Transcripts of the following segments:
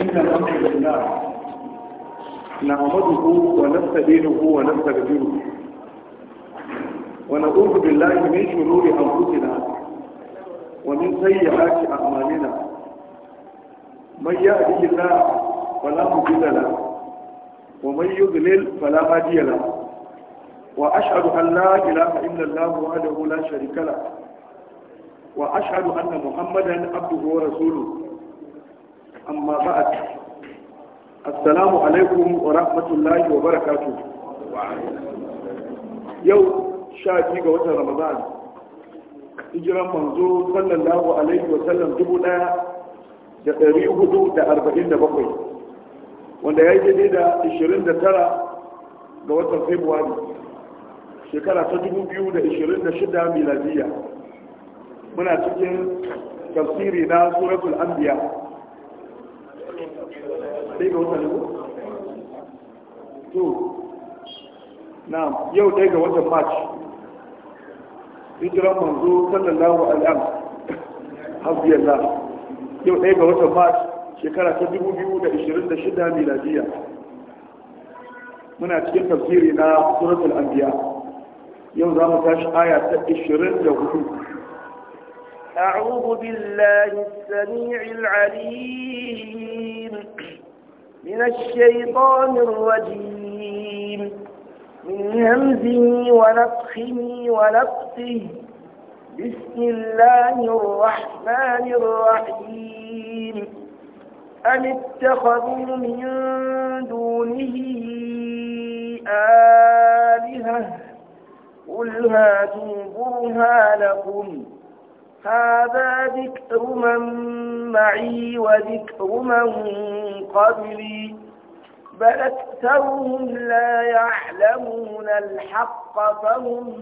inna al-amru lillah na'amaduhu wa nastaghfiruhu wa nastaghfiruh wa na'udhu billahi min shururi anfusina wa min sayyiati a'malina may yahdihillah fala mudilla lahu wa may yudlil fala hadiya lahu wa ashhadu an la ilaha illa allah wahdahu la sharika lahu wa ashhadu anna muhammadan abduhu wa rasuluhu Amma أما wa rahmatullahi wa barakatu. Yau, sha يوم ga watan Ramadan. hijiran manzo sallallahu alaihi wa sallam dubu daya da ɗari hudu da arba'in da bakwai wanda ya yi daidai da ishirin da tara ga watan februari shekara ta dubu biyu da ishirin da shida miladiya muna cikin tafsiri na suratul anbiya ɗaya ga wata ne to na yau ɗaya ga watan march hijiran manzo sallallahu alaihi hasbiyallah yau ɗaya ga watan march shekara ta 2026 miladiya muna cikin tafsiri na suratul anbiya yau za mu tashi aya ta 24 أعوذ بالله السميع العليم من الشيطان الرجيم من همزه ونفخه ونفخه بسم الله الرحمن الرحيم أم اتخذوا من دونه آلهة قل هاتوا برهانكم هذا ذكر من معي وذكر من قبلي بل أكثرهم لا يعلمون الحق فهم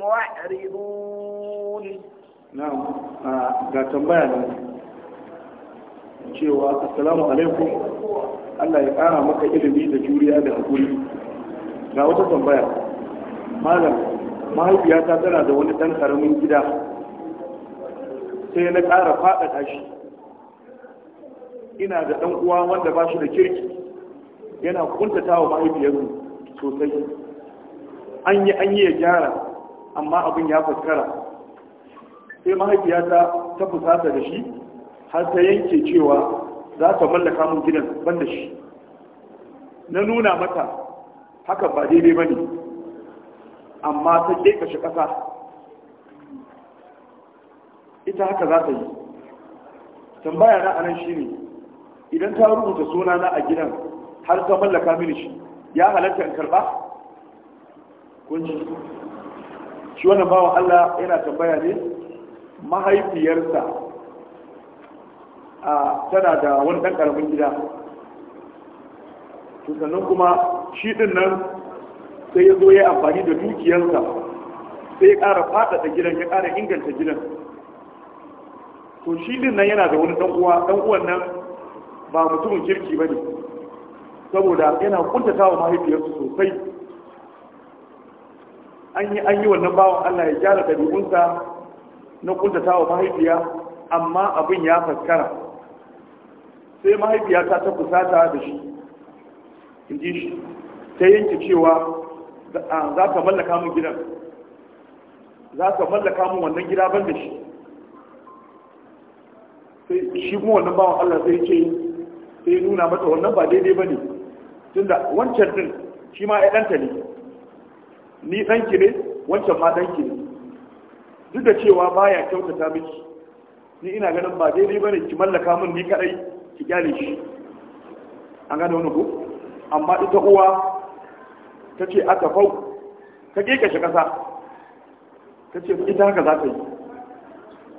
معرضون نعم آه، قاتم بيانا شيوا السلام عليكم الله يقارى مكة إذن إذا جوري هذا أقول قاتم بيانا ماذا ما هي هذا تنا دوني تنخرمين كده sai na ƙara faɗaɗa shi ina da ɗan uwa wanda ba shi da kirki yana kuntata wa mahaifiyarmu sosai an yi an yi ya gyara amma abin ya fuskara sai mahaifiyata ta fusata da shi har ta yanke cewa za ta mallaka mun gidan ban da shi na nuna mata haka ba daidai ba ne amma ta ƙeƙashe ƙasa ita haka za ta yi tambaya na anan shi ne idan ta rubuta suna na a gidan har ta mallaka mini shi ya halatta in karba kunji shi wannan bawa Allah yana tambaya ne mahaifiyarsa a tana da wani dan karamin gida to sannan kuma shi din nan sai ya zo ya amfani da dukiyarsa sai ya ƙara faɗaɗa gidan ya ƙara inganta gidan to shi din nan yana da wani dan uwa dan uwan nan ba mutumin kirki bane saboda yana kuntata wa mahaifiyarsu sosai an yi an yi wannan bawan Allah ya gyara dabi'unsa na kuntata wa mahaifiya amma abin ya faskara sai mahaifiya ta ta kusata da shi Inji shi ta yanke cewa za ka mallaka mu gidan za ka mallaka mu wannan gida ban da shi sai shi kuma wannan bawan Allah sai ce sai nuna mata wannan ba daidai ba ne tunda wancan din shi ma ya ɗanta ne ni ɗanki ne wancan ma ɗanki ne duk da cewa baya kyautata miki ni ina ganin ba daidai ba ne ki mallaka min ni kaɗai ki gyale shi an gane wani ko amma ita uwa ta ce aka fau ta kekashe ƙasa ta ce ita haka za ta yi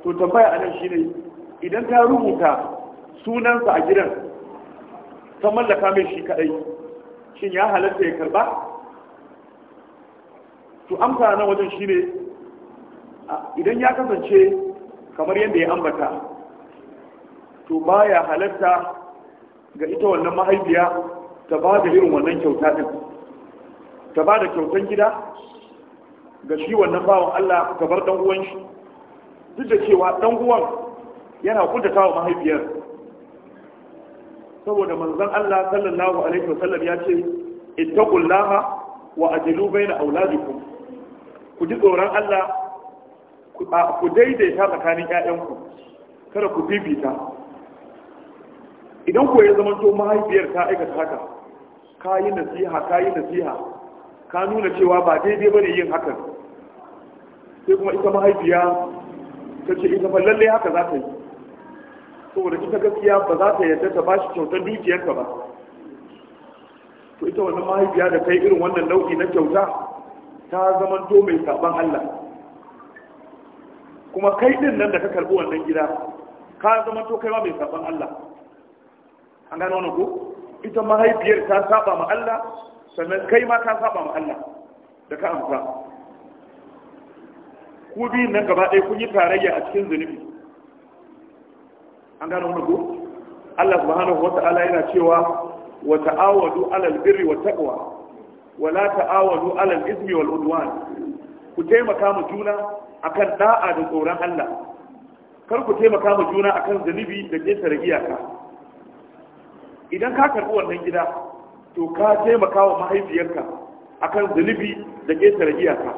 to tambaya a nan shi ne idan ta rubuta sunansa a gidan ta mallaka mai shi kaɗai, shin ya halatta ya karba to amsa na wajen shi ne, idan ya kasance kamar yadda ya ambata to ba ya halatta ga ita wannan mahaifiya ta ba da irin wannan kyauta din ta ba da kyautan gida ga shi wannan bawan Allah ta bar ɗanuwan shi duk da cewa ɗanuwan yana kuntata wa mahaifiyar saboda manzon Allah sallallahu alaihi wasallam ya ce ittaqullaha wa ajlu baina auladikum ku ji tsoron Allah ku daidaita tsakanin ƴaƴanku kada ku bibita idan ku ya zama to mahaifiyar ta aikata haka ka yi nasiha ka nasiha ka nuna cewa ba daidai bane yin hakan sai kuma ita mahaifiya ta ce ita fa lalle haka za ta yi saboda ita gaskiya ba za ta yarda ta ba shi kyautar dukiyarka ba to ita wannan mahaifiya da kai irin wannan nau'i na kyauta ta zamanto mai saban Allah kuma kai din nan da ka karbi wannan gida ka zama to kai ma mai saban Allah an gano wannan ko ita mahaifiyar ta saba ma Allah sannan kai ma ka saba ma Allah da ka amsa ku biyu nan gaba ɗaya kun yi tarayya a cikin zunubi an gano wani ko Allah subhanahu wata'ala yana cewa wa ta'awadu alal birri wa taqwa wa la ta'awadu alal ismi wal udwan ku taimaka mu juna akan da'a da tsoron Allah kar ku taimaka mu juna akan zanubi da ketare iyaka idan ka karbi wannan gida to ka taimaka wa mahaifiyarka akan zanubi da ketare iyaka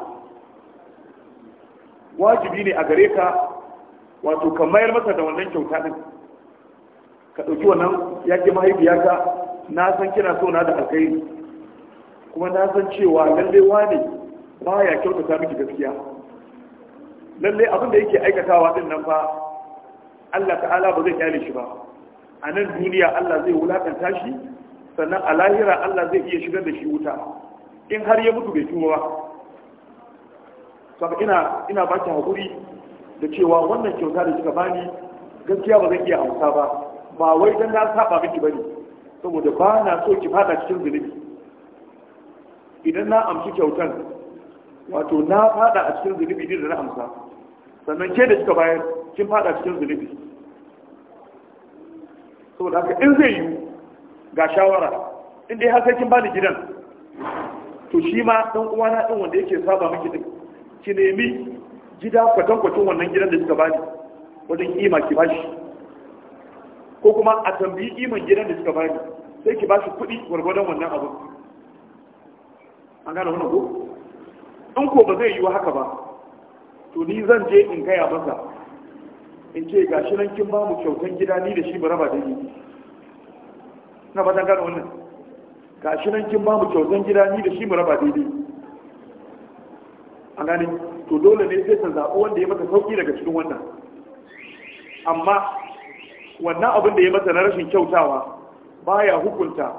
wajibi ne a gare ka wato ka mayar masa da wannan kyauta din ka ɗauki wannan ya ke mahaifiyata na san kina so na da alkhairi kuma na san cewa lalle wane ba ya kyautata miki gaskiya lalle abin da yake aikatawa din nan fa Allah ta'ala ba zai kyale shi ba a nan duniya Allah zai wulakanta shi sannan a lahira Allah zai iya shigar da shi wuta in har ya mutu bai tuba ba saboda ina ina baki hakuri da cewa wannan kyauta da kika bani gaskiya ba zai iya amsa ba ba wai don na saba miki bane saboda ba na so ki fada cikin zunubi idan na amshi kyautan wato na fada a cikin zunubi din da na amsa sannan ke da kika bayar kin fada cikin zunubi saboda haka in zai yi ga shawara in dai har sai kin bani gidan to shi ma dan uwana din wanda yake saba miki din ki nemi gida kwatankwacin wannan gidan da kika bani wajen kima ki bashi ko kuma a tambayi iman gidan da suka bani sai ki ba shi kuɗi gwargwadon wannan abu an gane wannan ko in ko ba zai yi wa haka ba to ni zan je in gaya masa in ce ga shi nan kin ba mu kyautan gida ni da shi mu raba da ni na ba gane wannan ga shi nan kin ba mu kyautan gida ni da shi mu raba daidai an gane to dole ne sai ta zaɓi wanda ya mata sauƙi daga cikin wannan amma wannan abin da ya mata na rashin kyautawa baya hukunta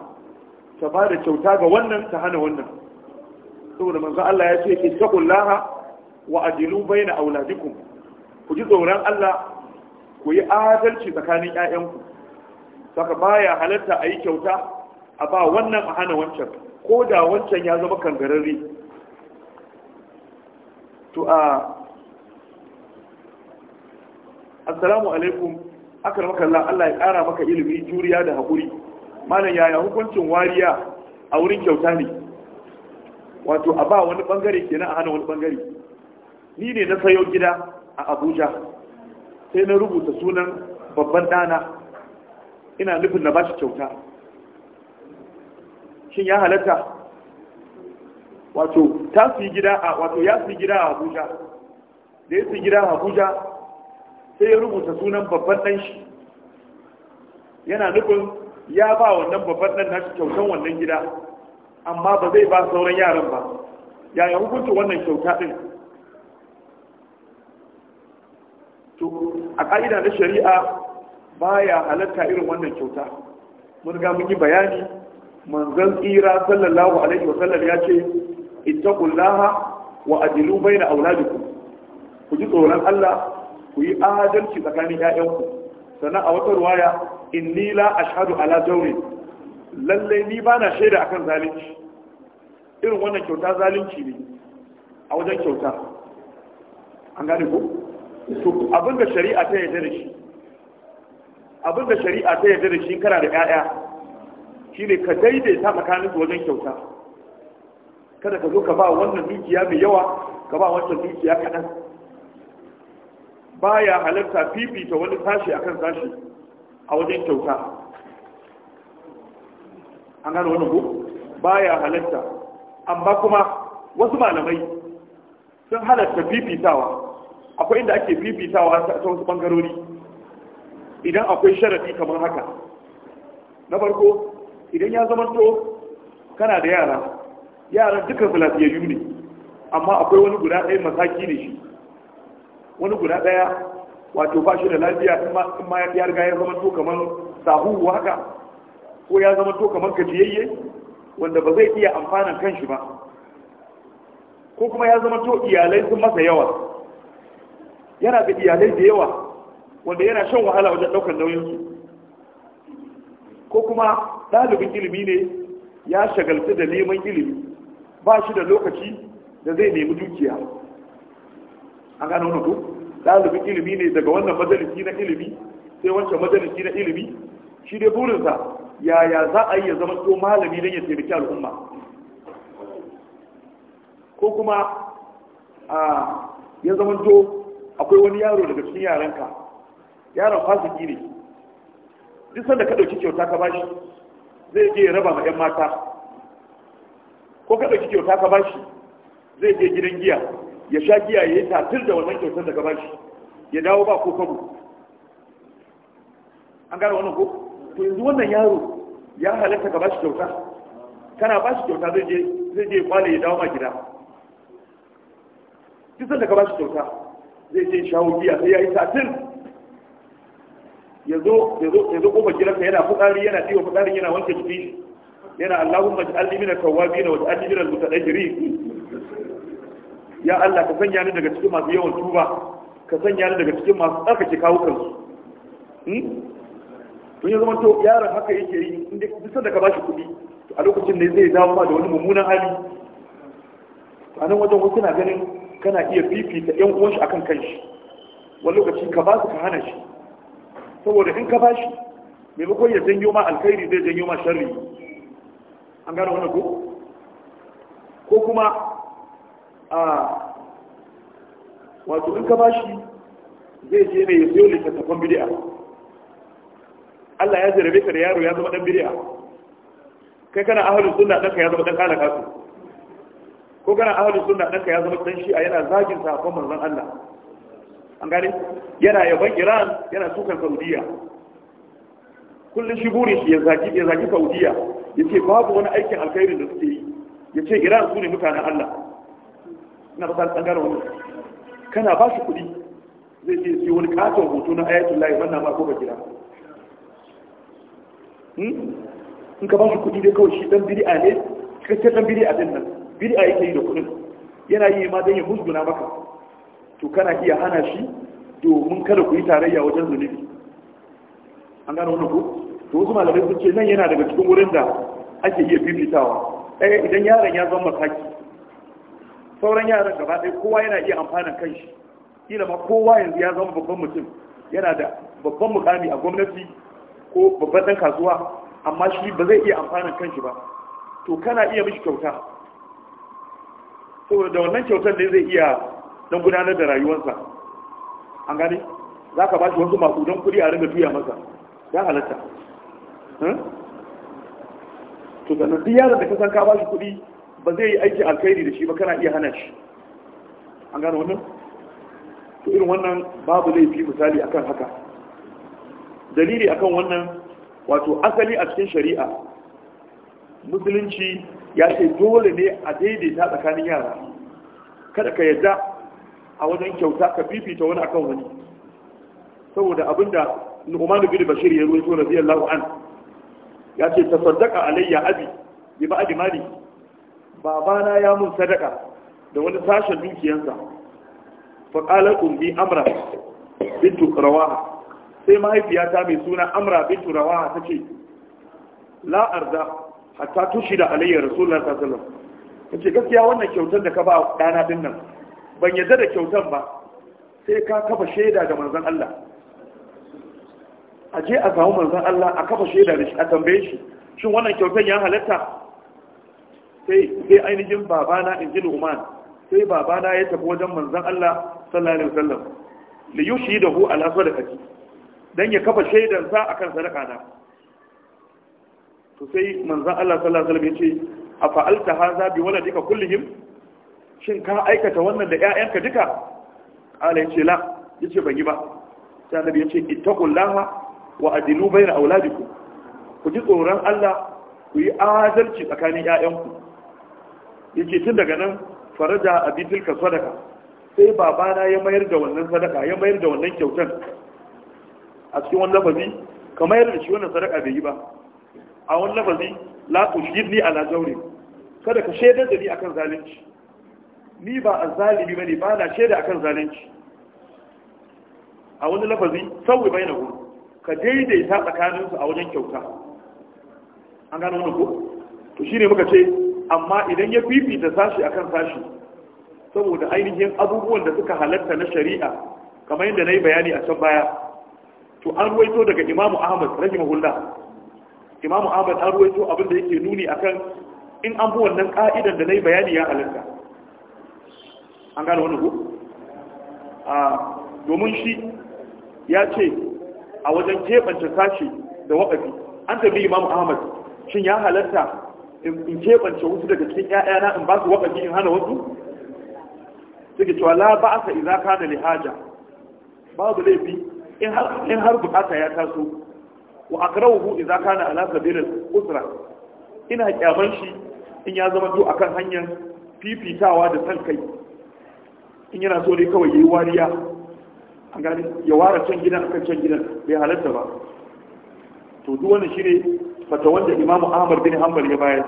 ta ba da kyauta ga wannan ta hana wannan saboda manzo Allah ya ce ke taqullaha wa ajilu baina auladikum ku ji tsoron Allah ku yi adalci tsakanin ƴaƴanku saka baya halarta a yi kyauta a ba wannan a hana wancan ko da wancan ya zama kangararre to a assalamu alaikum aka maka Allah Allah ya ƙara maka ilimi juriya da haƙuri malam yaya hukuncin wariya a wurin kyauta ne wato a ba wani bangare kenan a hana wani bangare ni ne na sayo gida a abuja sai na rubuta sunan babban ɗana ina nufin na bashi kyauta shin ya halatta wato ta su yi gida a ya su yi gida a abuja da ya su yi gida a abuja sai ya rubuta sunan babban ɗan shi yana nufin ya ba wannan babban ɗan nashi kyautan wannan gida amma ba zai ba sauran yaran ba yaya hukuncin wannan kyauta ɗin to a ƙa'ida na shari'a ba ya halatta irin wannan kyauta mun ga mun bayani manzon tsira sallallahu alaihi wasallam ya ce ita ittaqullaha wa adilu da auladikum ku ji tsoron Allah ku yi adalci tsakanin ƴaƴanku sannan a wata ruwaya inni la ashhadu ala jawri Lallai ni ba na shaida akan zalunci irin wannan kyauta zalunci ne a wajen kyauta an gane ku? to abinda shari'a ta yarda da shi abinda shari'a ta yarda da shi kana da ƴaƴa ne ka daidaita tsakanin su wajen kyauta kada ka zo ka ba wannan dukiya mai yawa ka ba wancan dukiya kaɗan baya halarta fifita wani sashi akan sashi a wajen kyauta an gano wani ku baya halarta amma kuma wasu malamai sun halarta fifitawa akwai inda ake fifitawa ta wasu bangarori idan akwai sharadi kamar haka na farko idan ya zamanto kana da yara yaran duka filafiyayyu ne amma akwai wani guda ɗaya masaki ne shi wani guda daya wato ba shi da lafiya in ma ya riga ya zama to kamar sahuhu haka ko ya zama to kamar gajiyayye wanda ba zai iya amfanan kanshi ba ko kuma ya zama to iyalai sun masa yawa yana da iyalai da yawa wanda yana shan wahala wajen daukar su ko kuma ɗalibin ilimi ne ya shagaltu da neman ilimi ba shi da lokaci da zai nemi dukiya an gano wani ko ɗalibin ilimi ne daga wannan majalisi na ilimi sai wancan majalisi na ilimi shi dai burinsa yaya za a yi ya zama to malami don ya taimaki al'umma ko kuma a ya zama to akwai wani yaro daga cikin yaranka yaron fasiki ne duk sanda ka ɗauki kyauta ka bashi zai je ya raba ma 'yan mata ko ka ɗauki kyauta ka bashi zai je gidan giya ya sha giya ya yi tatil da wannan kyautar da gaba shi ya dawo ba ko kabu. an gane wannan ko to yanzu wannan yaro ya halatta ka ba shi kyauta kana ba shi kyauta zai je zai je kwale ya dawo ma gida duk da ka ba shi kyauta zai je shawo giya sai ya yi tatil ya zo ya zo ya zo yana fukari yana ɗiwa fitsarin yana wanke jiki yana Allahumma ij'alni min al tawwabin wa ij'alni min al-mutadajjirin ya Allah ka sanya ni daga cikin masu yawan tuba ka sanya ni daga cikin masu tsarkake kawo kansu tun hmm? ya zamanto yaron haka yake yi inda kusa da ka bashi kuɗi a lokacin da zai dawo da wani mummunan hali a nan wajen wasu na ganin kana iya fifita yan uwan shi akan kanshi wani lokaci ka ba su ka hana shi saboda in ka bashi maimakon ya janyo ma alkhairi zai janyo ma sharri an gano wannan ko ko kuma a wato in ka ba shi zai je ne ya siyo littattafan bidiya Allah ya zira ka da yaro ya zama dan bidiya kai kana ahalin sunna ɗanka ya zama dan kala kasu ko kana ahalin sunna ɗanka ya zama dan shi'a yana zagin sahabban manzon Allah an gane yana yaban Iran yana sukan Saudiya kullum shi buri shi ya zaki ya zagi Saudiya yace babu wani aikin alkhairi da suke yi yace Iran su ne mutanen Allah na fasa tsangar wani kana ba shi kuɗi zai ce yi wani katon hoto na ayatul layi wannan ma ko ba gida hmm? in ka ba shi kuɗi dai kawai shi dan bid'a ne cikakken dan bid'a din nan a yake yi da kuɗin yana yi ma dan ya musguna maka to kana iya hana shi domin kada ku yi tarayya wajen zunubi an gano wannan ko to wasu malamai sun ce nan yana daga cikin wurin da ake iya fifitawa ɗaya eh, idan yaron ya zama mataki sauran yaran gaba ɗaya kowa yana iya amfanin shi, kila ma kowa yanzu ya zama babban mutum yana da babban mukami a gwamnati ko babban ɗan kasuwa amma shi ba zai iya amfanin shi ba to kana iya mishi kyauta saboda da wannan kyautar ne zai iya don gudanar da rayuwarsa an gane za ka ba shi wasu makudan kuɗi a ringa tuya masa ya halatta hmm? to sannan duk yaron da ka san ka ba shi kuɗi ba zai yi aiki alkhairi da shi ba kana iya hana shi an gano wannan to irin wannan babu laifi misali akan haka dalili akan wannan wato asali a cikin shari'a musulunci ya ce dole ne a daidaita tsakanin yara kada ka yadda a wajen kyauta ka fifita wani akan wani saboda abinda nu'man bin bashir ya ruwaito radiyallahu an ya ce tasaddaqa alayya abi bi ba'di mali babana ya mun sadaka da wani sashen dukiyansa faƙalar umbi amra bintu rawaha sai mahaifiyata mai suna amra bintu rawaha ta ce la'arda hatta tushi da alayyar rasulullah sallallahu ta ce gaskiya wannan kyautar da ka ba ɗana din nan ban yadda da kyautar ba sai ka kafa shaida ga manzan Allah a je a samu manzan Allah a kafa shaida da shi a tambaye shi shin wannan kyautar ya halatta sai sai ainihin babana in ji Nu'man sai babana ya tafi wajen manzon Allah sallallahu alaihi wasallam li yushidahu ala sadaqati dan ya kafa shaidan sa akan sadaka na to sai manzon Allah sallallahu alaihi wasallam ce, afa alta hadha bi waladika kullihim shin ka aikata wannan da ƴaƴanka duka ya ce la yace ban yi ba sai annabi ce ittaqullaha wa adilu bayna auladikum ku ji tsoron Allah ku yi adalci tsakanin ƴaƴanku yake tun daga nan faraja abi tilka sadaka sai babana ya mayar da wannan sadaka ya mayar da wannan kyautan a cikin wani lafazi ka mayar da shi wannan sadaka bai yi ba a wani lafazi la tushirni ala jawri kada ka shaidar da ni akan zalunci ni ba a bane ba na shaida akan zalunci a wani lafazi sauyi bai na hu ka daidaita tsakaninsu a wajen kyauta an gano wani ko to shi ne muka ce amma idan ya fifita sashi akan sashi saboda ainihin abubuwan da suka halatta na shari'a kamar yadda na yi bayani a can baya to an ruwaito daga imamu ahmad rahimahullah imamu ahmad an ruwaito abin da yake nuni akan in an bi wannan ka'idan da na yi bayani ya halatta an gane wani ku a domin shi ya ce a wajen keɓance sashi da waƙafi an tabi imamu ahmad shin ya halatta in keɓance wasu daga cikin ƴaƴana in ba su wakafi in hana wasu suke cewa la ba aka iza kana li haja babu laifi in har in har bukata ya taso wa akrahu iza kana ala sabil usra ina kyaman shi in ya zama to akan hanyar fifitawa da san kai in yana so dai kawai yayi wariya an gani ya ware can gidan akan can gidan bai halatta ba to duk wannan shine fata wanda imam ahmad bin hanbal ya bayar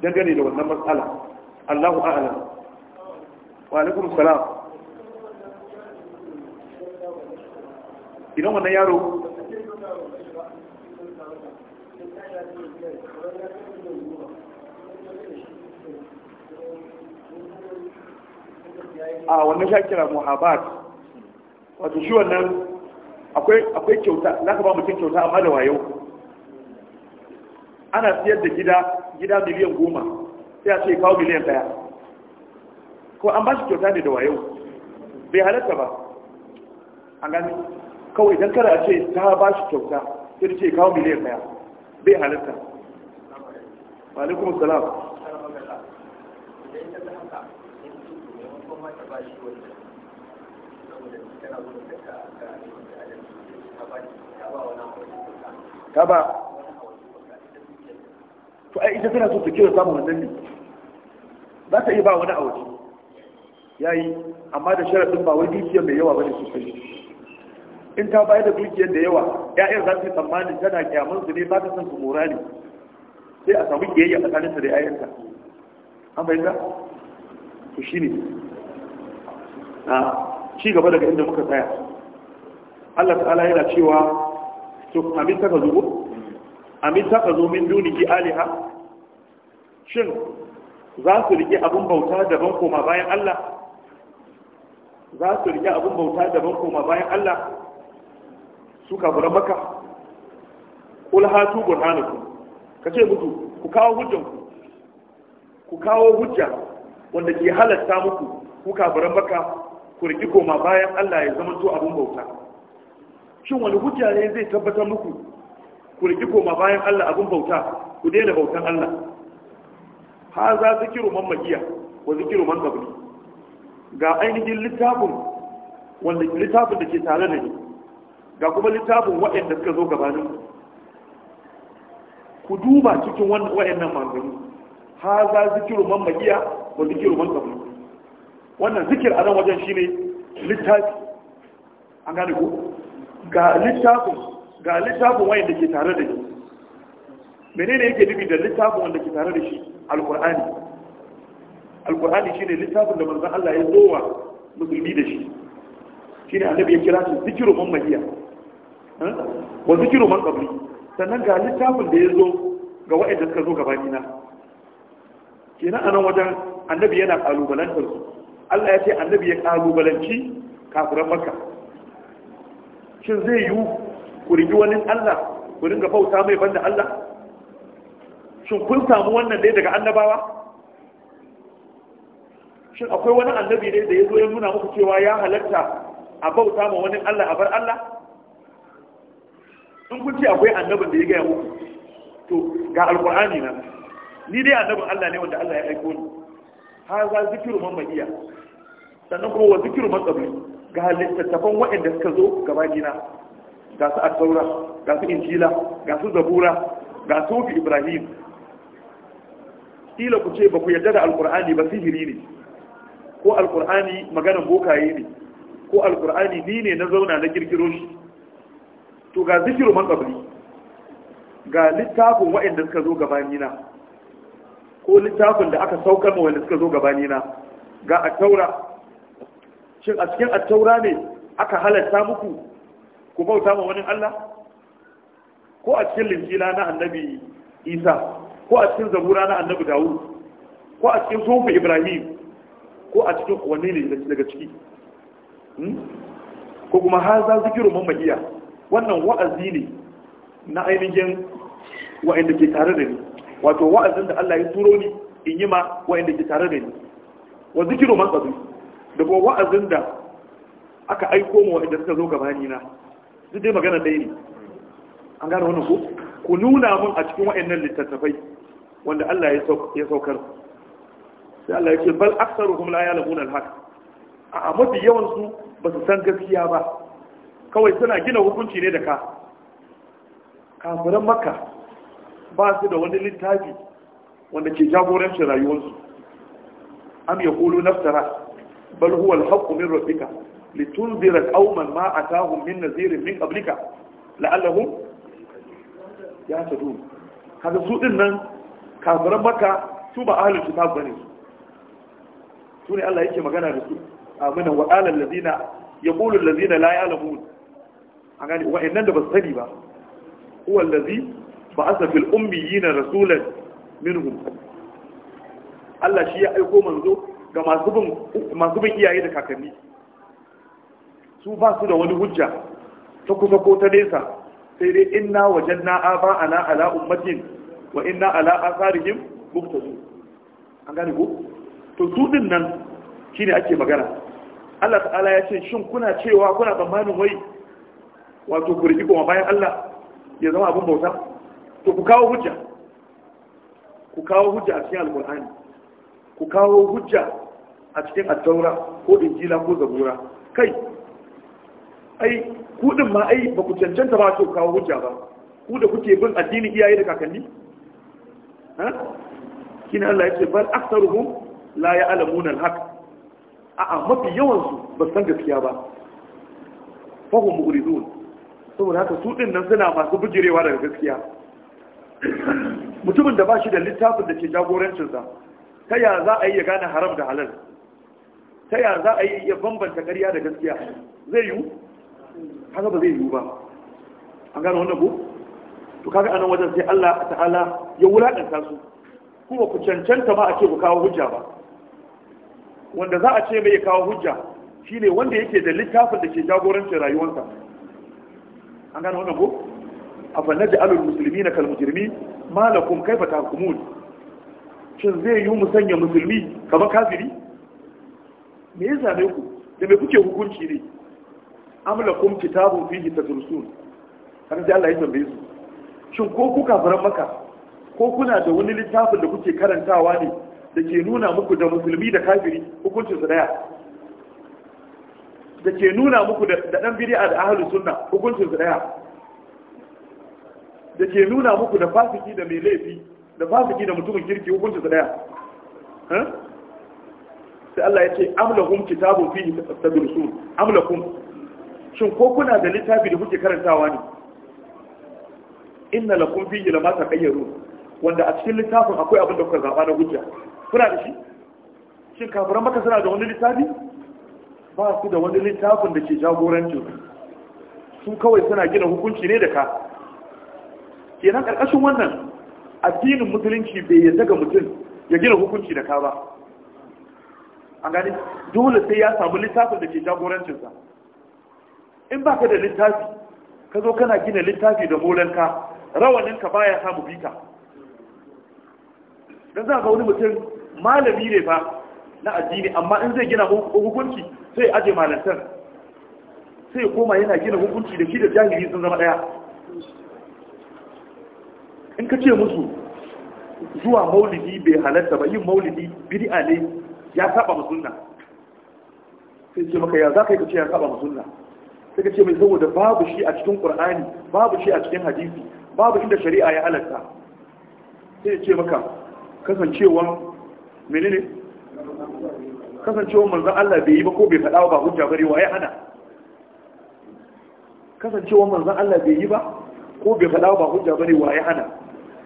dangane da wannan matsala allahu a'lam wa alaikum salam idan wannan yaro a wannan shakira muhabbat wato shi wannan akwai kyauta za ka ba mutum kyauta amma da wayo ana siyar da gida gida miliyan goma sai a ce kawo miliyan daya ko an ba shi kyauta ne da wayo bai halatta ba an gani kawai don kada ce ta ba shi kyauta sai ce kawo miliyan daya bai halatta alaikum salam ta ba to ai ita tana so ta kira samun wannan ne za ta iya ba wani a waje yi, amma da sharaɗin ba wai dukiyar mai yawa bane sosai in ta bayar da dukiyar da yawa 'ya'yan za su yi tsammanin tana kyamun su ne ba ta son su mora ne sai a samu kiyayya tsakanin su da 'ya'yanta. an bayyana to ne. a ci gaba daga inda muka tsaya Allah ta'ala yana cewa to kamin ta ka zubo amin ka zo min ki aliha shin za su rike abin bauta daban koma bayan Allah za su rike abin bauta daban koma bayan Allah su kafiran maka kul hatu burhanakum kace mutu ku kawo hujjanku ku kawo hujja wanda ke halatta muku ku kafiran maka ku rike koma bayan Allah ya zama to abin bauta shin wani hujja ne zai tabbatar muku ku riki koma bayan Allah abin bauta ku daina bautan Allah ha za zikiru man magiya wa zikiru man qabli ga ainihin littafin wanda littafin da ke tare da ni ga kuma littafin waɗanda suka zo gabanin ku duba cikin waɗannan manzanni ha za zikiru man magiya wa zikiru man qabli wannan zikir a nan wajen shine littafi an gane ko ga littafin ga littafin wayan da ke tare da shi menene yake nufi da littafin wanda ke tare da shi alkur'ani alkur'ani shine littafin da manzon Allah ya zo wa musulmi da shi shine annabi ya kira shi zikiru man mahiya wa zikiru man qabli sannan ga littafin da ya zo ga wa'anda suka zo ni na kenan anan wajen annabi yana kalubalantar su Allah ya ce annabi ya kalubalanci kafiran makka shin zai yiwu ku rigi wani Allah ku dinga bauta mai banda Allah shin kun samu wannan dai daga annabawa shin akwai wani annabi ne da ya zo ya nuna muku cewa ya halatta a bauta ma wani Allah a bar Allah in kun ce akwai annabin da ya gaya muku to ga alkur'ani na ni dai annabin Allah ne wanda Allah ya aiko ni ha za zikiru man sannan kuma wa zikiru man ga littattafan waɗanda suka zo gaba gina ga su Attaura, ga su injila ga su zabura ga su fi ibrahim kila ku ce ba ku yarda da alkur'ani ba sihiri ne ko alkur'ani maganan bokaye ne ko alkur'ani ni ne na zauna na kirkiro shi to ga zikiru man kabri ga littafin waɗanda suka zo gabanina ko littafin da aka saukar ma wanda suka zo gabanina ga attaura shin a cikin attaura ne aka halatta muku ku bauta ma wani Allah ko a cikin linjila na annabi Isa ko a cikin zabura na annabi Dawud ko a cikin sufi Ibrahim ko a cikin wani ne daga ciki hmm? ko kuma haza zikiru mamadiya wannan wa'azi ne na ainihin wa'inda ke tare da ni wato wa'azin da Allah ya turo ni in yi ma wa'inda ke tare da ni wa zikiru man da kuma wa'azin da aka aiko ma wa'anda suka zo gabani na duk dai magana ɗaya ne an gane wannan ko ku nuna mun a cikin wa'annan littattafai wanda Allah ya saukar sai Allah ya ce bal aktsaruhum la ya'lamuna al-haq a mafi yawan su ba su san gaskiya ba kawai suna gina hukunci ne da ka kafiran makka ba su da wani littafi wanda ke jagorancin rayuwarsu am yaqulu naftara bal huwa al-haqqu min rabbika litunzira qauman ma atahum min nazirin min qablika la'allahum yahtadun kaga su din nan kafiran makka su ba ahlul kitab bane su ne Allah yake magana da su amina wa qala allazina yaqulu allazina la ya'lamun an gani wa'annan ba su sani ba huwa allazi ba'atha rasulan Allah shi ya aiko manzo ga masu bin iyaye da kakanni su ba su da wani hujja ta kusa ko ta nesa sai dai inna wajen na'a ba ana ala ummatin wa inna ala asarihim muktadu an gane ku? to su din nan shine ake magana Allah ta'ala ya ce shin kuna cewa kuna tsammanin wai wato ku riki kuma bayan Allah ya zama abin bauta to ku kawo hujja ku kawo hujja a cikin alqur'ani ku kawo hujja a cikin attaura ko injila ko zabura kai ai kuɗin ma ai ba ku cancanta ba ku kawo hujja ba ku da kuke bin addinin iyaye da kakanni ha kina Allah ya ce bal la ya'lamuna al-haq a'a mafi yawan su ba san gaskiya ba hum muridun saboda haka su din nan suna masu bujirewa daga gaskiya mutumin da ba shi da littafin da ke jagorancinsa ta ya za a yi ya gane haram da halal ta ya za a yi ya bambanta ƙarya da gaskiya zai yiwu kaga ba zai yiwu ba an gano wannan ko to kaga anan wajen sai Allah ta'ala ya wulakanta su kuma ku cancanta ba a ce ku kawo hujja ba wanda za a ce mai ya kawo hujja shine wanda yake da littafin da ke jagorancin rayuwarsa an gano wannan ko afa naj'alul muslimina kal mujrimin ma lakum kaifa tahkumun shin zai yi mu sanya musulmi kamar kafiri me ya same ku da me kuke hukunci ne Amla lakum kitabun fihi tadrusun kan da Allah ya tambaye su shin ko ku kafiran maka ko kuna da wani littafin da kuke karantawa ne da ke nuna muku da musulmi da kafiri hukuncin su daya da ke nuna muku da dan bid'a da ahlus sunna hukuncin su daya da ke nuna muku da fasiki da mai laifi da fasiki da mutumin kirki hukuncin su daya sai Allah ya ce amla lahum kitabun fihi tadrusun amla lakum shin ko kuna da littafi da kuke karantawa ne inna lakum fihi lama taqayyaru wanda a cikin littafin akwai abin da kuka zaba na hujja kuna da shi shin kafiran maka suna da wani littafi ba su da wani littafin da ke jagorancin su kawai suna gina hukunci ne da ka kenan karkashin wannan addinin musulunci bai yarda ga mutum ya gina hukunci da ka ba an gani dole sai ya samu littafin da ke jagorancinsa in baka da littafi ka zo kana gina littafi da molanka rawaninka baya samu bita don za ga wani mutum malami ne ba na addini amma in zai gina hukunci sai aje malantar sai koma yana gina hukunci da shi da jahili sun zama daya in ka ce musu zuwa maulidi bai halatta ba yin maulidi bid'a ne ya saba musulna sai ce maka ya za ka yi ka ce ya saba musulna suka ce mai saboda babu shi a cikin ƙur'ani, babu shi a cikin hadisi babu inda shari'a ya halatta sai ce maka kasancewa menene kasancewa manzan Allah bai yi ba ko bai faɗa ba hujja bare wa ya hana kasancewa manzan Allah bai yi ba ko bai faɗa ba hujja bare wa ya hana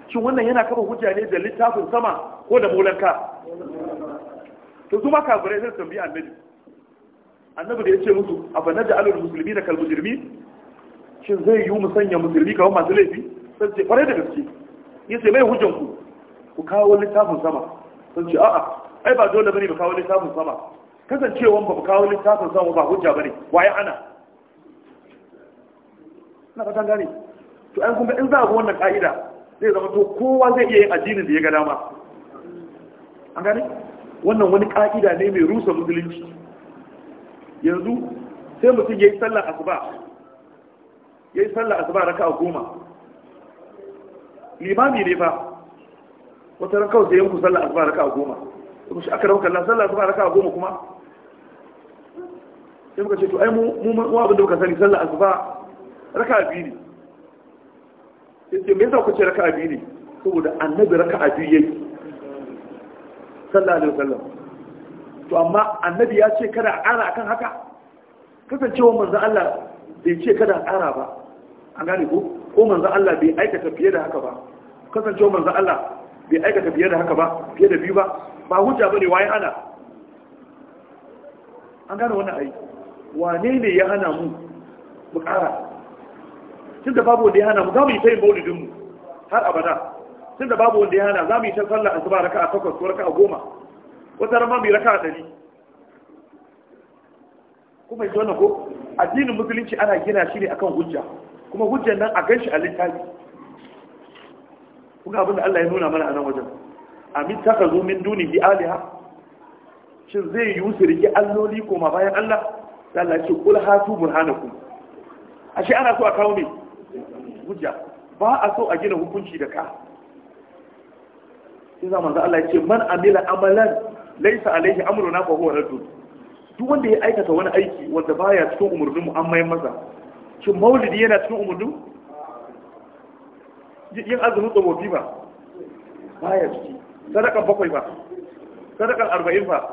shin wannan yana kafa hujja ne da littafin sama ko da molanka to zuma kafirai sai tambayi annabi annabi da ya ce musu abu na da alul musulmi da kal mujrimi shin zai yi mu sanya musulmi kawo masu laifi sai ce kwarai da gaske ya ce mai hujjanku ku kawo kawo littafin sama sun ce a'a ai ba dole bane mu kawo littafin sama kasancewan ba mu kawo littafin sama ba hujja bane waye ana na fatan gane to an kuma in za a ga wannan ka'ida zai zama to kowa zai iya yin addinin da ya ga dama an gane wannan wani ka'ida ne mai rusa musulunci yanzu sai mutum ya yi sallah asuba ya yi sallah asuba raka a goma limami ne fa wata ran kawai sai yanku sallah asuba raka a goma kuma shi aka rauka sallah asuba raka a goma kuma sai muka ce to ai mu mu abin da muka sani sallah asuba raka a biyu ne ya me mai kuka ce raka a biyu ne saboda annabi raka a biyu yayi sallallahu alaihi wasallam to amma annabi ya ce kada a ƙara akan haka kasancewar manzan Allah bai ce kada a ƙara ba an gane ko ko manzan Allah bai aikata fiye da haka ba kasancewar manzan Allah bai aikata fiye da haka ba fiye da biyu ba ba hujja bane waye ana an gane wannan ai wane ne ya hana mu mu ƙara tunda babu wanda ya hana mu za mu yi ta yin maulidin har abada tunda babu wanda ya hana za mu yi ta sallar asuba raka'a takwas ko raka'a goma wata rama mai raka ɗari kuma ita wannan ko addinin musulunci ana gina shi ne akan hujja kuma hujjan nan a gan shi a littafi kuma abinda Allah ya nuna mana a nan wajen amin taka zo min duni bi aliha shin zai yi wusu rike alloli koma bayan Allah da Allah ce kul hatu burhanakum ashe ana so a kawo ne hujja ba a so a gina hukunci da ka sai zaman Allah ya ce man amila amalan laisa alaihi amruna fa huwa raddun duk wanda ya aikata wani aiki wanda baya cikin umurnin mu an mayan masa shin maulidi yana cikin umurnin yin azumin tsofaffi ba baya ciki sadakan bakwai ba sadakan arba'in ba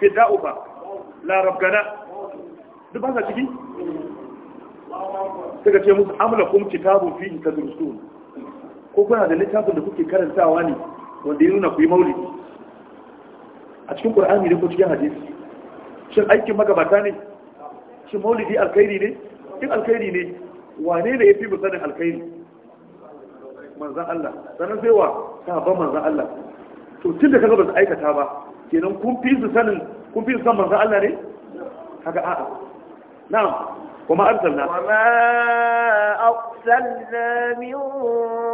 fida'u ba larabgana duk ba sa ciki suka ce musu amla kuma kitabun fi ta ko kuna da littafin da kuke karantawa ne wanda ya nuna ku yi maulidi a cikin qur'ani ne ko cikin hadisi shin aikin magabata ne shin maulidi alkhairi ne in alkhairi ne wane ne yafi musanin alkhairi manzan Allah sanar sai wa sahabban manzan Allah to tun da kaga ba su aikata ba kenan kun fi su sanin kun fi su san manzan Allah ne kaga a'a na'am وما أرسلنا وما أرسلنا من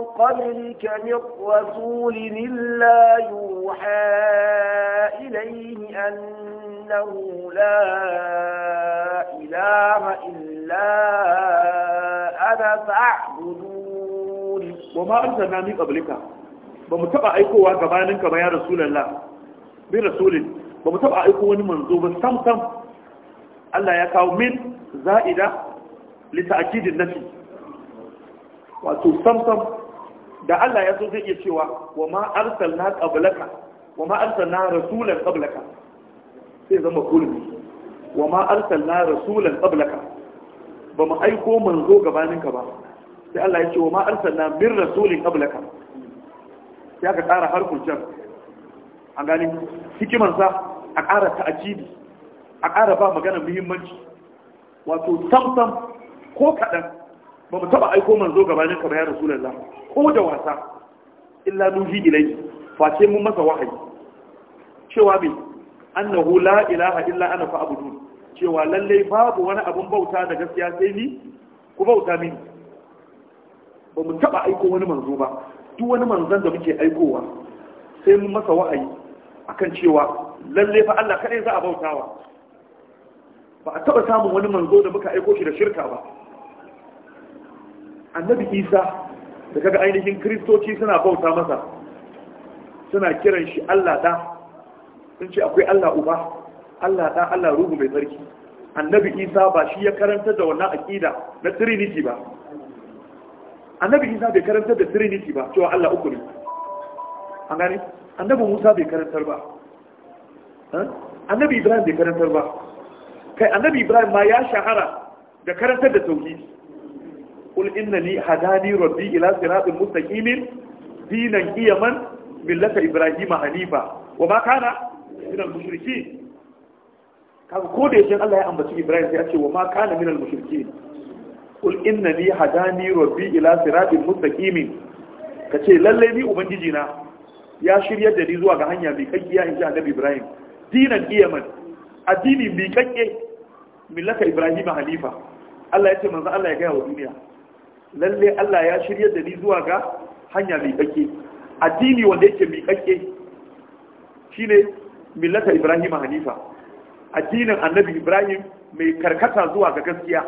قبلك من رسول إلا يوحى إليه أنه لا إله إلا أنا فاعبدون وما أرسلنا من قبلك بمتبع أيكوا قبالك يا رسول الله برسول بمتبع أيكوا من منذوب سمسم Allah ya kawo min za'ida li ta'kidin nafi wato samsam da Allah ya so zai iya cewa wa ma arsalna qablaka wa ma arsalna rasulan qablaka sai zama kulmi wa ma arsalna rasulan qablaka ba mu aiko manzo gabaninka ba sai Allah ya ce wa ma arsalna min rasulin qablaka sai aka ƙara harkun can. an gani hikimansa a ƙara ta'ajibi a ƙara ba magana muhimmanci wato samsam ko kaɗan ba mu taɓa aiko manzo gabanin ka bayan rasulullah ko da wasa illa nuhi ilai face mun masa wahayi cewa bi annahu la ilaha illa ana fa abudu cewa lallai babu wani abun bauta da gaskiya sai ni ku bauta mini ba mu taɓa aiko wani manzo ba duk wani manzon da muke aikowa sai mun masa wa'ayi akan cewa lallai fa Allah kadai za a bautawa ba a taɓa samun wani manzo da muka aiko shi da shirka ba annabi isa da kaga ainihin kristoci suna bauta masa suna kiran shi allah ɗa sun ce akwai allah uba allah ɗa allah ruhu mai sarki annabi isa ba shi ya karanta da wannan aƙida na trinity ba annabi isa bai karanta da trinity ba cewa allah uku ne an gane annabi musa bai karantar ba annabi ibrahim bai karantar ba kai annabi ibrahim ma ya shahara da karantar da tauhidi qul innani hadani rabbi ila siratin mustaqimin dinan qiyaman millata ibrahim hanifa wa ma kana min al-mushrikeen kaga ko da yake Allah ya ambaci ibrahim sai ya ce wa ma kana min al-mushrikeen qul innani hadani rabbi ila siratin mustaqimin kace lalle ni ubangiji na ya shiryar da ni zuwa ga hanya bi kakkiya in ji annabi ibrahim dinan qiyaman addini bi kakke millata ibrahim halifa Allah ya ce manzo Allah ya gaya wa duniya lalle Allah ya shirya da ni zuwa ga hanya mai kake addini wanda yake mai kake shine millata ibrahim halifa addinin annabi ibrahim mai karkata zuwa ga gaskiya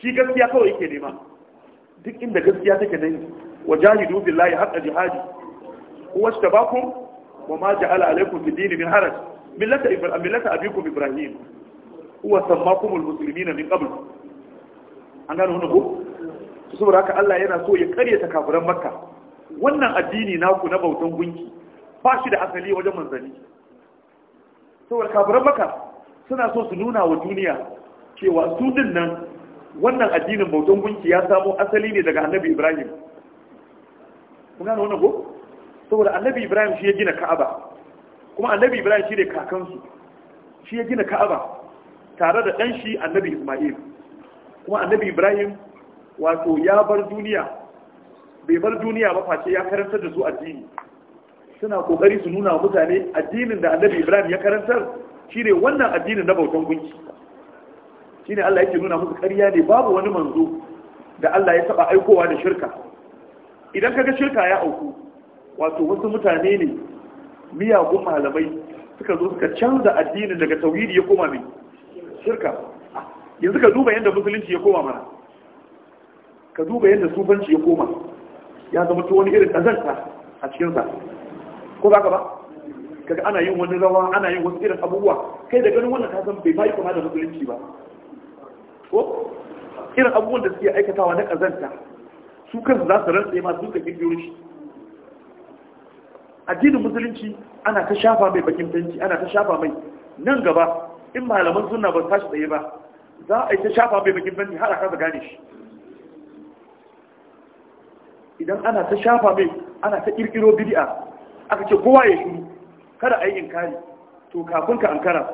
shi gaskiya kawai yake nema duk inda gaskiya take nan wajahidu billahi haqqa jihadi huwa istabakum wa ma ja'ala alaykum fi dini min haraj millata ibrahim millata abikum ibrahim huwa sammakumul muslimina min qabl an gano wannan ko saboda haka Allah yana so ya karyata kafiran makka wannan addini naku na bautan gunki ba shi da asali wajen manzanni saboda kafiran makka suna so su nuna wa duniya cewa su din nan wannan addinin bautan gunki ya samo asali ne daga annabi ibrahim kun gano wannan ko saboda annabi ibrahim shi ya gina ka'aba kuma annabi ibrahim shi ne kakansu shi ya gina ka'aba tare da ɗan shi annabi Ismail kuma annabi Ibrahim wato ya bar duniya bai bar duniya ba face ya karantar da su addini suna kokari su nuna mutane addinin da annabi Ibrahim ya karantar shine wannan addinin na bautan gunki shine Allah yake nuna musu ƙarya ne babu wani manzo da Allah ya taba aikowa da shirka idan kaga shirka ya auku wato wasu mutane ne miyagun malamai suka zo suka canza addinin daga tauhidi ya koma mai shirka yanzu ka duba yadda musulunci ya koma mana ka duba yadda sufanci ya koma ya zama ta wani irin ɗazanta a cikinsa ko ba ka ba kaga ana yin wani rawa ana yin wasu irin abubuwa kai da ganin wannan kasan bai fayi kuma da musulunci ba ko irin abubuwan da suke aikatawa na ƙazanta su kansu za su rantse ma su kafin biyu shi addinin musulunci ana ta shafa mai bakin tanci ana ta shafa mai nan gaba in malaman suna ba tashi tsaye ba za a yi ta shafa mai bakin har a kasa gane shi idan ana ta shafa mai ana ta kirkiro bid'a aka ce kowa ya shiru kada a yi inkari to kafin ka ankara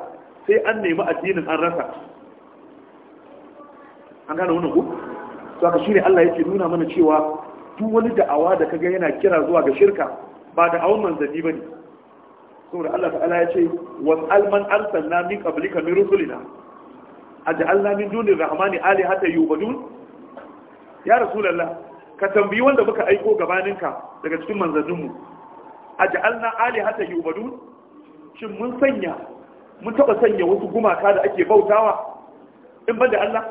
sai an nemi addinin an rasa an gane wannan ku to aka shine Allah yake nuna mana cewa duk wani da'awa da kaga yana kira zuwa ga shirka ba da awon manzanni bane saboda Allah ta'ala ya ce was'al man arsalna min qablika min rusulina aj'alna min dunir rahmani alihatan yubadun ya rasulullah ka tambayi wanda muka aiko gabaninka daga cikin manzanninmu aj'alna alihatan yubadun shin mun sanya mun taba sanya wasu gumaka da ake bautawa in banda Allah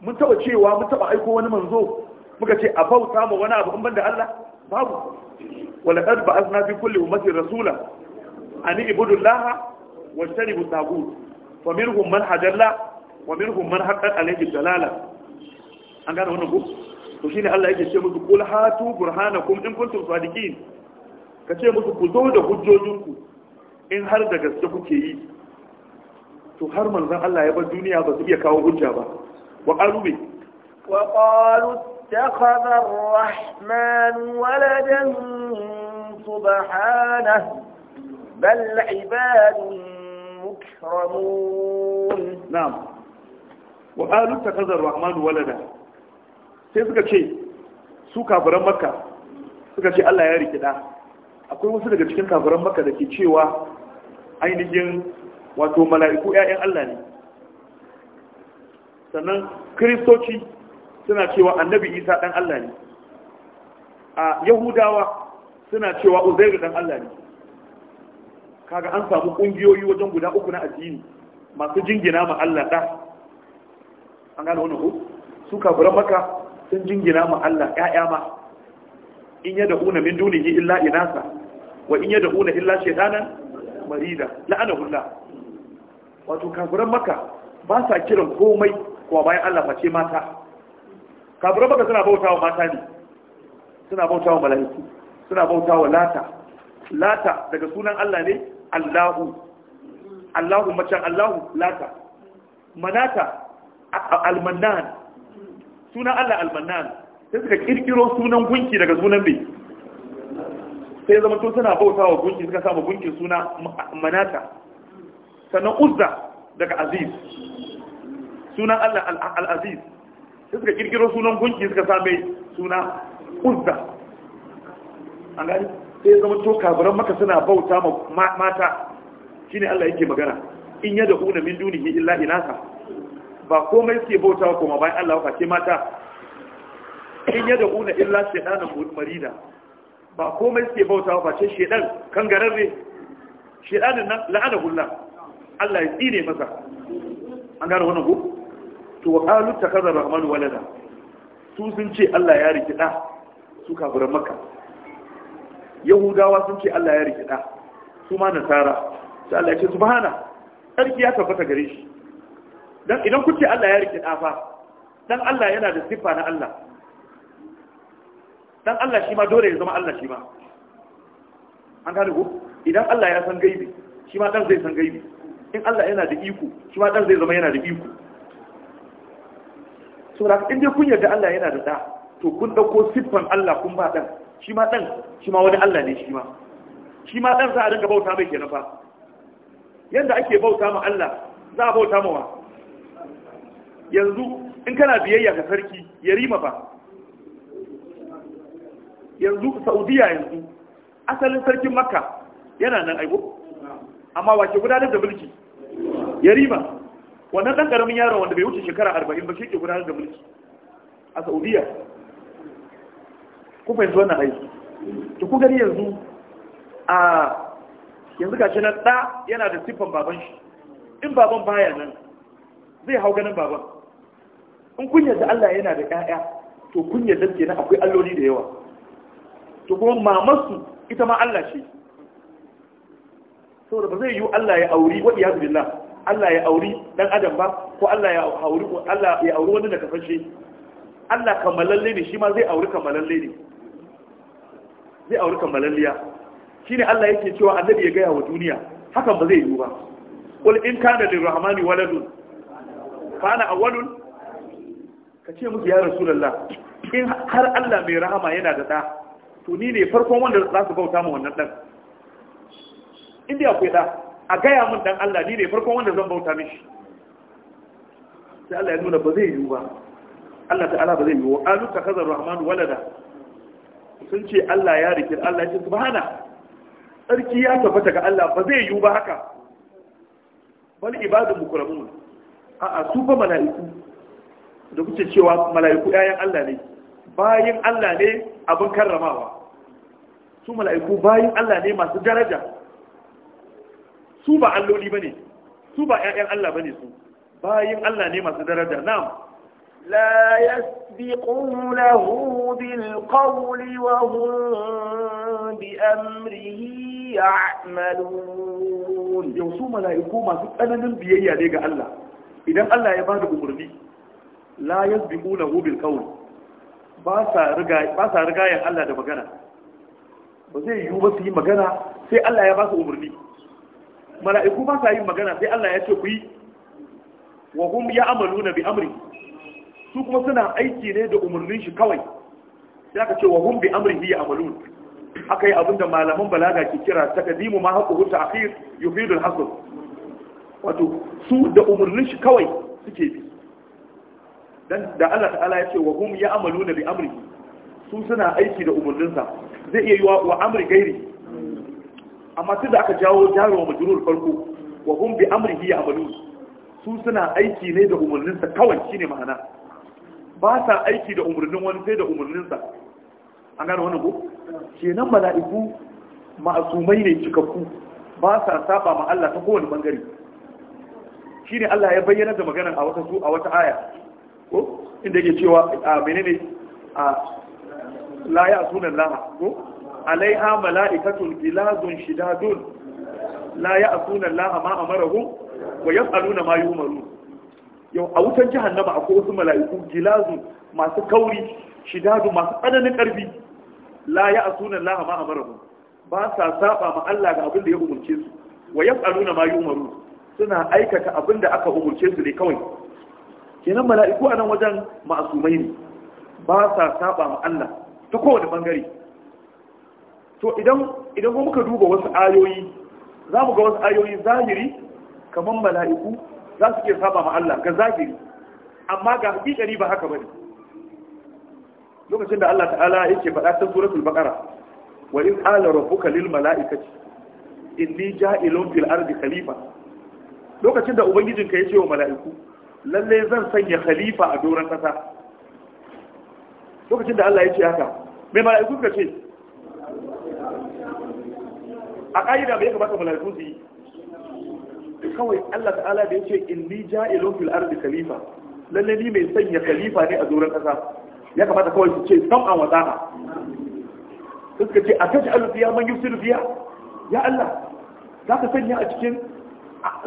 mun taba cewa mun taba aiko wani manzo muka ce a bauta ma wani abu in banda Allah babu wala qad ba'athna fi kulli ummatin rasula ani ibudullaha wa bu tagut wa minhum man hadalla wa minhum man haqqat alayhi dalala an gane wannan ku to shine Allah yake ce musu kul hatu burhanakum in kuntum sadiqin ka ce musu ku zo da hujjojinku in har da gaske kuke yi to har manzon Allah ya bar duniya ba su iya kawo hujja ba wa qalu wa qalu اتخذ الرحمن ولدا سبحانه بل عباد مكرمون نعم وقال اتخذ الرحمن ولدا sai suka ce su kafiran makka suka ce Allah ya rikida akwai wasu daga cikin kafiran makka da ke cewa ainihin wato mala'iku 'ya'yan Allah ne sannan kiristoci suna cewa annabi isa dan Allah ne a yahudawa suna cewa uzairu dan Allah ne kaga an samu kungiyoyi wajen guda uku na addini masu jingina ma Allah da an gane wannan ko su kafiran maka sun jingina ma Allah ƴaƴa ma in ya da'una min dunihi illa inasa wa in ya da'una illa shaytanan marida la'anahu Allah wato kafiran maka ba sa kiran komai kuwa bayan Allah face mata kafiran maka suna bautawa mata ne suna bautawa mala'iku suna bautawa lata lata daga sunan Allah ne Allahu Allahu macan Allahu lata manata almannan sunan Allah almannan sai suka kirkiro sunan gunki daga sunan bai sai zama to suna bauta wa gunki suka samu gunkin suna manata sannan uzza daga aziz sunan Allah al-aziz sai suka kirkiro sunan gunki suka same suna uzza an gani sai zama to kafiran maka suna bauta ma mata shine Allah yake magana in ya da una min dunihi illa inasa ba komai suke bauta ko ma bayan Allah face mata in ya da una illa shaytanan marida ba komai suke bauta ba face shedan kangararre shedanin nan la'ana hulla. Allah ya tsine masa an gane wannan ko to wa qalu takazzara rahmanu walada su sun ce Allah ya riki da su kafiran makka yahudawa sun ce Allah ya rikida su ma nasara sai Allah ya ce subhana sarki ya tabbata gare shi dan idan ku ce Allah ya rikida fa dan Allah yana da siffa na Allah dan Allah shi ma dole ya zama Allah shi ma an gane ko idan Allah ya san gaibi shi ma dan zai san gaibi in Allah yana da iko shi ma dan zai zama yana da iko saboda in dai kun yarda Allah yana da da to kun dauko siffan Allah kun ba dan shi ma ɗan shi ma wani Allah ne shi ma shi ma ɗan za a dinga bauta mai kenan fa yanda ake bauta ma Allah za a bauta ma wa yanzu in kana biyayya ga sarki ya rima fa yanzu saudiya yanzu asalin sarkin makka yana nan aiko amma wace gudanar da mulki ya rima wannan ɗan ƙaramin yaron wanda bai wuce shekara arba'in ba shi ke gudanar da mulki a saudiya ku yanzu wannan aiki to ku gani yanzu a yanzu gashi na ɗa yana da siffan baban shi in baban baya nan zai hau ganin baban in kun yadda Allah yana da ƴaƴa to kun ke kenan akwai alloli da yawa to kuma mamansu ita ma Allah ce saboda ba zai yi Allah ya auri wa iyaz billah Allah ya auri dan adam ba ko Allah ya auri Allah ya auri wani da kafashe Allah kamalalle ne shi ma zai auri kamalalle ne zai auri kammalalliya ne Allah yake cewa annabi ya gaya wa duniya hakan ba zai yiwu ba qul in kana lirrahmani waladun fa awalun ka ce musu ya rasulullah in har Allah mai rahama yana da da to ni ne farkon wanda za su bauta mu wannan dan in dai akwai da a gaya min dan Allah ni ne farkon wanda zan bauta mishi sai Allah ya nuna ba zai yiwu ba Allah ta'ala ba zai yiwu alu Kaza rahmanu walada sun ce Allah ya rikir Allah ce subhana tsarki ya tabbata ga Allah ba zai yiwu ba haka bal ibadu mukramun a a su ba mala'iku da kuke cewa mala'iku yayan Allah ne bayin Allah ne abin karramawa su mala'iku bayin Allah ne masu daraja su ba alloli bane su ba yayan Allah bane su bayin Allah ne masu daraja na'am لا يسبقونه بالقول وهم بأمره يعملون يوسو ملائكو ما سبقنا بيئي ليك الله إذا الله يبادك مرمي لا يسبقونه بالقول ba sa rigayen Allah da magana ba zai yiwu ba su yi magana sai Allah ya ba su umarni mala'iku ba sa yin magana sai Allah ya ce ku yi wa hum ya amalu na bi amri su kuma suna aiki ne da umarnin shi kawai sai aka ce wa hum bi amrihi ya'malun aka yi abinda malaman balaga ke kira takdimu ma haqqu ta akhir yufidu al haqq wato su da umarnin shi kawai suke bi dan da Allah ta'ala ya ce wa hum ya'maluna bi amrihi su suna aiki da umarnin sa zai iya yi wa amri gairi amma sai da aka jawo jaro wa majrur farko wa hum bi amrihi ya'malun su suna aiki ne da umarnin sa kawai shine ma'ana ba sa aiki da umarnin wani sai da umarninsa an gane wani ko kenan mala'iku ma'asumai ne cikakku ba sa saba ma Allah ta kowane bangare Shi ne Allah ya bayyana da magana a wata su a wata aya ko inda yake cewa a menene a la ya sunan laha ko alaiha mala'ikatun ilazun shidadun la ya sunan laha ma amarahum wa yas'aluna ma yumaru yau a wutan jahannama akwai wasu mala'iku gilazu masu kauri shidadu masu tsananin karfi la ya asuna Allah ma amarahu ba sa saba ma Allah ga abin da ya umurce su wa yaf'aluna ma yu'maru suna aikata abin da aka umurce su ne kawai kenan mala'iku a nan wajen ma'asumai ne ba sa saba ma Allah ta kowane bangare to idan idan muka duba wasu ayoyi za mu ga wasu ayoyi zahiri kamar mala'iku za su iya saba ma Allah ga zafi amma ga hakikari ba haka bane lokacin da Allah ta'ala yake faɗa ta suratul baqara wa in qala rabbuka lil mala'ikati inni ja'ilun fil ardi khalifa lokacin da ubangijinka ya ce wa mala'iku lalle zan sanya khalifa a doron kasa lokacin da Allah ya ce haka mai mala'iku ka ce a ƙa'ida bai kamata mala'iku su yi kawai Allah ta'ala da yace inni ja'ilun fil ardi khalifa lalle ni mai sanya khalifa ne a doron kasa ya kamata kawai su ce sam'a wa zaha suka ce a kashi alufiya man yusir fiya ya Allah za ka sanya a cikin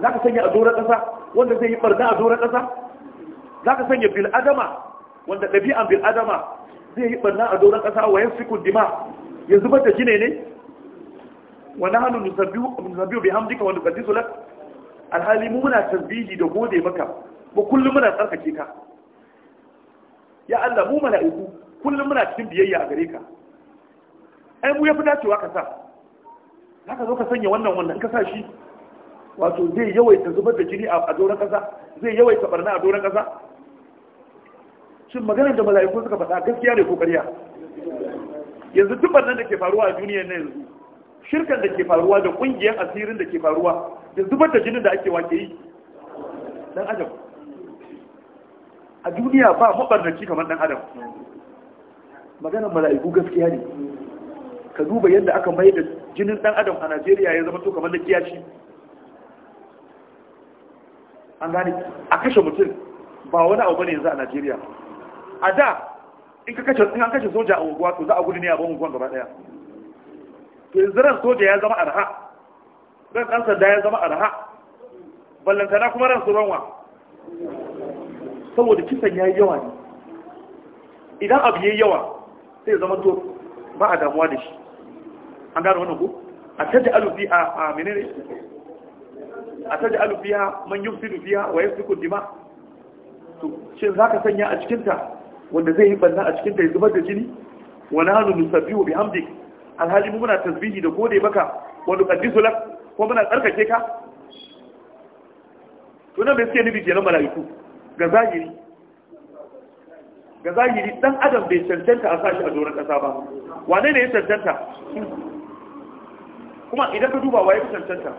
za ka sanya a doron kasa wanda zai yi barna a doron kasa za ka sanya bil adama wanda ɗabi'an bil adama zai yi barna a doron kasa wa yasfiku dima ya zubar da jine ne wa nahnu nusabbihu bi hamdika wa nuqaddisu lak alhali mu muna tasbihi da gode maka ba kullum muna tsarkake ka ya Allah mu mala'iku kullum muna cikin biyayya a gare ka ai mu yafi dacewa ka sa haka zo ka sanya wannan wannan in ka sa shi wato zai yawaita zubar da jini a doron kasa zai yawaita barna a doron kasa shin maganar da mala'iku suka faɗa gaskiya ne ko ƙarya yanzu duk wannan da ke faruwa a duniyar nan yanzu shirkan da ke faruwa da kungiyar asirin da ke faruwa da zubar da jinin da ake wake yi dan adam a duniya ba mabarnaci kamar dan adam maganar mala'iku gaskiya ne ka duba yadda aka mai da jinin dan adam a Najeriya ya zama to kamar da kiyashi an gane a kashe mutum ba wani abu ne yanzu a Najeriya a da in ka an kashe soja a unguwa to za a gudu ne a ban unguwan gaba daya yanzu ran soja ya zama arha ran ɗan sanda ya zama arha ballantana kuma ran wa, saboda kisan ya yi yawa ne idan abu ya yi yawa sai zama to ba a damuwa da shi an gano wani ko a taji alufi a menene a taji alufi a manyan filufi a rufiya su ya fi kundima to shi za ka sanya a cikinta wanda zai yi banna a cikinta ya zubar da jini wani hannu nusabbi wa bihamdik alhali mu muna tasbihi da gode maka wani kaddisu lak ko muna tsarkake ka to nan bai suke nufi kenan mala'iku ga zahiri ga zahiri dan adam bai cancanta a sashi a doron kasa ba wane ne ya cancanta kuma idan ka duba waye ka cancanta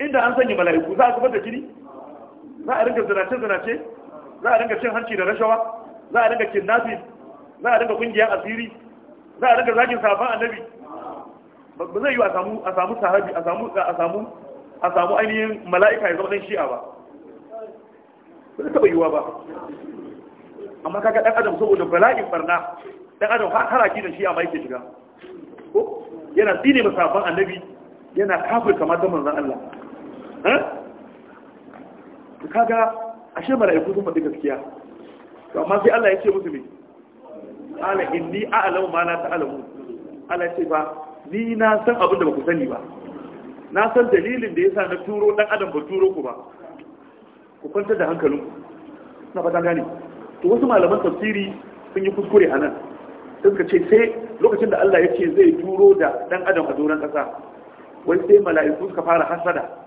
inda an sanya mala'iku za a zubar da jini za a ringa zinace zinace za a ringa cin hanci da rashawa za a ringa kidnapping za a ringa kungiyar asiri za a daga zagin sahabban annabi ba zai yi a samu a samu sahabi a samu a samu ainihin mala'ika ya zama ɗan shi'a ba ba zai taɓa yiwuwa ba amma kaga ɗan adam saboda bala'in barna ɗan adam haraki da shi'a ma yake shiga ko yana tsine masafan annabi yana kafir kamar ta manzan Allah eh kaga ashe mala'iku sun faɗi gaskiya to amma sai Allah ya ce musu me qala inni a'lamu ma la ta'lamu ala ce ba ni na san abin da baku sani ba na san dalilin da yasa na turo dan adam ba turo ku ba ku kwantar da hankalinku na fata gane to wasu malaman tafsiri sun yi kuskure a nan suka ce sai lokacin da Allah ya ce zai turo da dan adam a doron kasa wai sai mala'iku suka fara hasada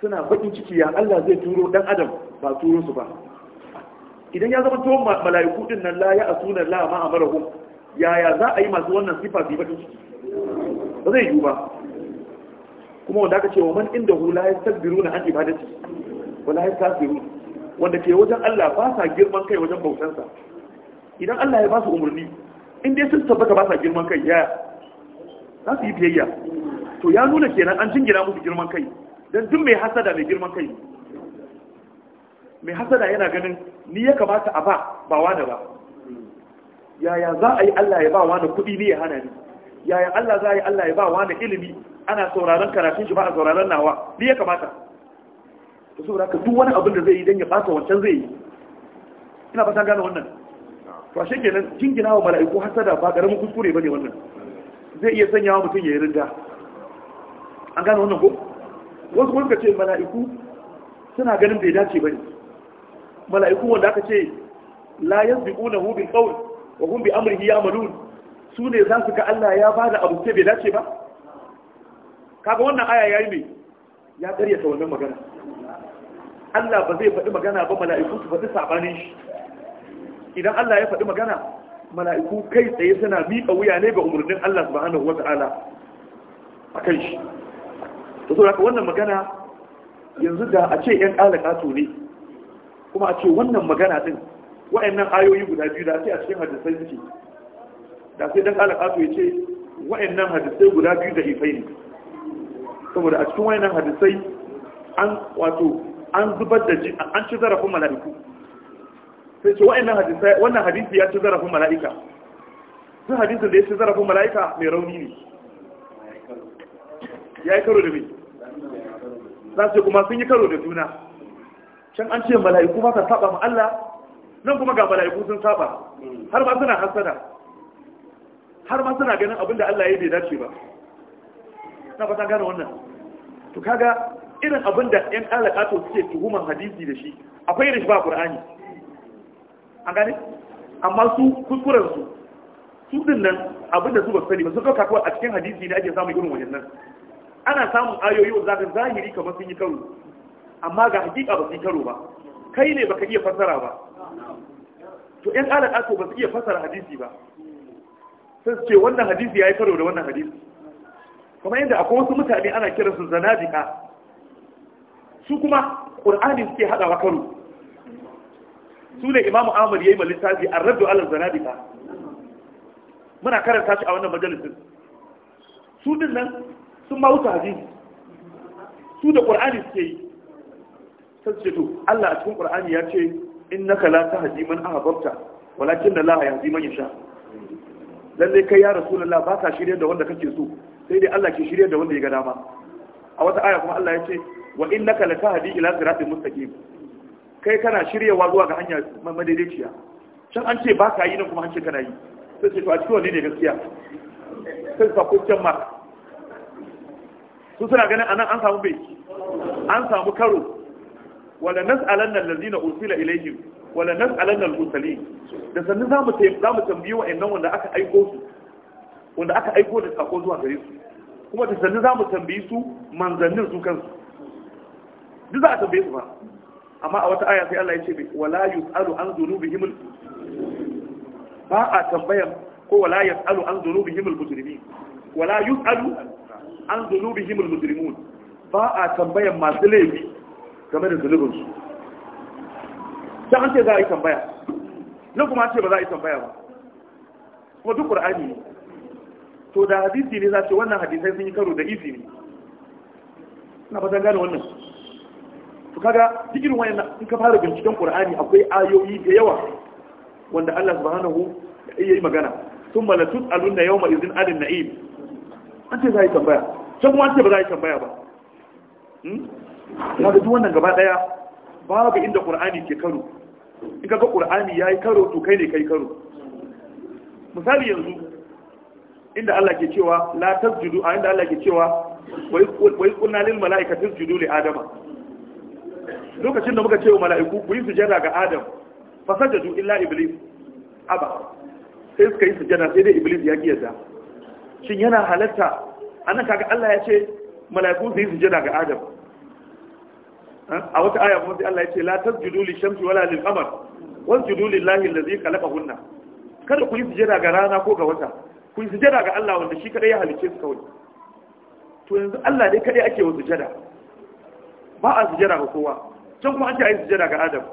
suna bakin ciki ya Allah zai turo dan adam ba turo su ba idan ya zama to mala'iku din nan la ya'suna la ma amarahum yaya za a yi masu wannan sifa bi bakin ciki ba zai yiwu ba kuma wanda aka ce wa man inda hu la yastakbiruna an ibadati wa la yastakbirun wanda ke wajen Allah ba sa girman kai wajen bautansa idan Allah ya ba su umarni in dai sun tabbata ba sa girman kai ya za su yi biyayya to ya nuna kenan an jingina musu girman kai dan duk mai hasada mai girman kai mai hasada yana ganin ni ya kamata a ba ba wani ba yaya za a yi Allah ya ba wani kuɗi ne ya hana ni yaya Allah za a yi Allah ya ba wani ilimi ana sauraron karatun shi ba a sauraron nawa ni ya kamata to saboda ka duk wani abin da zai yi dan ya bata wancan zai yi ina fatan gane wannan to ashe kenan jingina wa mala'iku hasada ba karamin kuskure bane wannan zai iya sanya wa mutum ya yi rinda an gane wannan ko wasu wanda ce mala'iku suna ganin bai dace bane mala'iku wanda aka ce la yasbiqunahu bil qawl wa hum bi amrihi ya'malun su ne za su ga Allah ya bada abu sai bai dace ba kaga wannan aya yayi me ya ta wannan magana Allah ba zai faɗi magana ba mala'iku su faɗi sabanin shi idan Allah ya faɗi magana mala'iku kai tsaye suna miƙa wuya ne ga umarnin Allah subhanahu ta'ala a kan shi to saboda wannan magana yanzu da a ce 'yan ƙala ƙato ne kuma a ce wannan magana din wa'annan ayoyi guda biyu da sai a cikin hadisai suke da sai dan alaƙato ya ce wa'annan hadisai guda biyu da ifai ne saboda a cikin wa'annan hadisai an wato an zubar da ji an ci zarafin mala'iku sai ce wa'annan hadisai wannan hadisi ya ci zarafin mala'ika duk hadisin da ya ci zarafin mala'ika mai rauni ne ya yi karo da mai za su kuma sun yi karo da juna can an ce mala'iku ba ta saba ma Allah nan kuma ga mala'iku sun saba har ma suna hasada har ma suna ganin abinda Allah ya bai dace ba na fata gane wannan to kaga irin abinda ɗan alaƙa to suke tuhuman hadisi da shi akwai irin shi ba Qur'ani an gane amma su kuskuren su su din nan abinda su ba sani ba su ka kawai a cikin hadisi ne ake samun irin wannan ana samun ayoyi wanda zaka zahiri kamar sun yi karo amma ga hakika ba su karo ba kai ne baka iya fasara ba to ɗan ala ako ba su iya fasara hadisi ba sai su ce wannan hadisi ya yi karo da wannan hadisi kuma yadda akwai wasu mutane ana kira su zanadika su kuma ƙur'ani suke haɗawa karo su ne imamu amur ya yi malisazi a rabbi ala zanadika muna karanta shi a wannan majalisin su din nan sun ma wuta hadisi su da ƙur'ani suke yi sai ce to Allah a cikin Qur'ani ya ce innaka la tahdi man ahbabta walakin Allah yahdi man yasha lalle kai ya rasulullah ba ka shirye da wanda kake so sai dai Allah ke shirye da wanda ya ga dama a wata aya kuma Allah ya ce wa innaka la tahdi ila siratin mustaqim kai kana shiryewa zuwa ga hanya madaidaiciya can an ce ba ka yi nan kuma an ce kana yi sai ce to a cikin wani ne gaskiya sai sa kwanciyar ma su suna ganin anan an samu bai an samu karo wala nas'alanna allazina ursila ilayhim wala nas'alanna al-mursalin da sannan zamu zamu tambayi wa'annan wanda aka aiko su wanda aka aiko da sako zuwa gare su kuma da sannan zamu tambayi su manzannin su kansu duk za a tambaye su ba amma a wata aya sai Allah ya ce wala yus'alu an dhunubihim ba a tambayan ko wala yus'alu an dhunubihim al-mujrimin wala yus'alu an dhunubihim al-mujrimun ba a tambayan masu laifi game da zunubinsu ta an ce za a yi tambaya nan kuma an ce ba za a yi tambaya ba kuma duk ƙur'ani ne to da hadisi ne za ce wannan hadisai sun yi karo da izi ne na fatan gane wannan to kaga cikin wayan in ka fara binciken ƙur'ani akwai ayoyi da yawa wanda Allah subhanahu ya yi magana sun alun na yawma izin adin na'im an ce za a yi tambaya can kuma an ce ba za a yi tambaya ba hmm? kaga duk wannan gaba daya babu inda qur'ani ke karo in kaga qur'ani yayi karo to kai ne kai karo misali yanzu inda Allah ke cewa la tasjudu a inda Allah ke cewa wai kunna lil mala'ikati tasjudu li adama lokacin da muka ce wa mala'iku ku yi sujada ga adam fa sajadu illa iblis aba sai suka yi sujada sai dai iblis ya kiyarda shin yana halatta anan kaga Allah ya ce mala'iku su yi sujada ga adam a wata aya kuma sai Allah ya ce la tasjudu li shamsi wala lil qamar wasjudu lillahi allazi khalaqahunna kada ku yi sujada ga rana ko ga wata ku yi sujada ga Allah wanda shi kadai ya halice su kawai to yanzu Allah dai kadai ake wa sujada ba a sujada ga kowa can kuma ake yi sujada ga Adam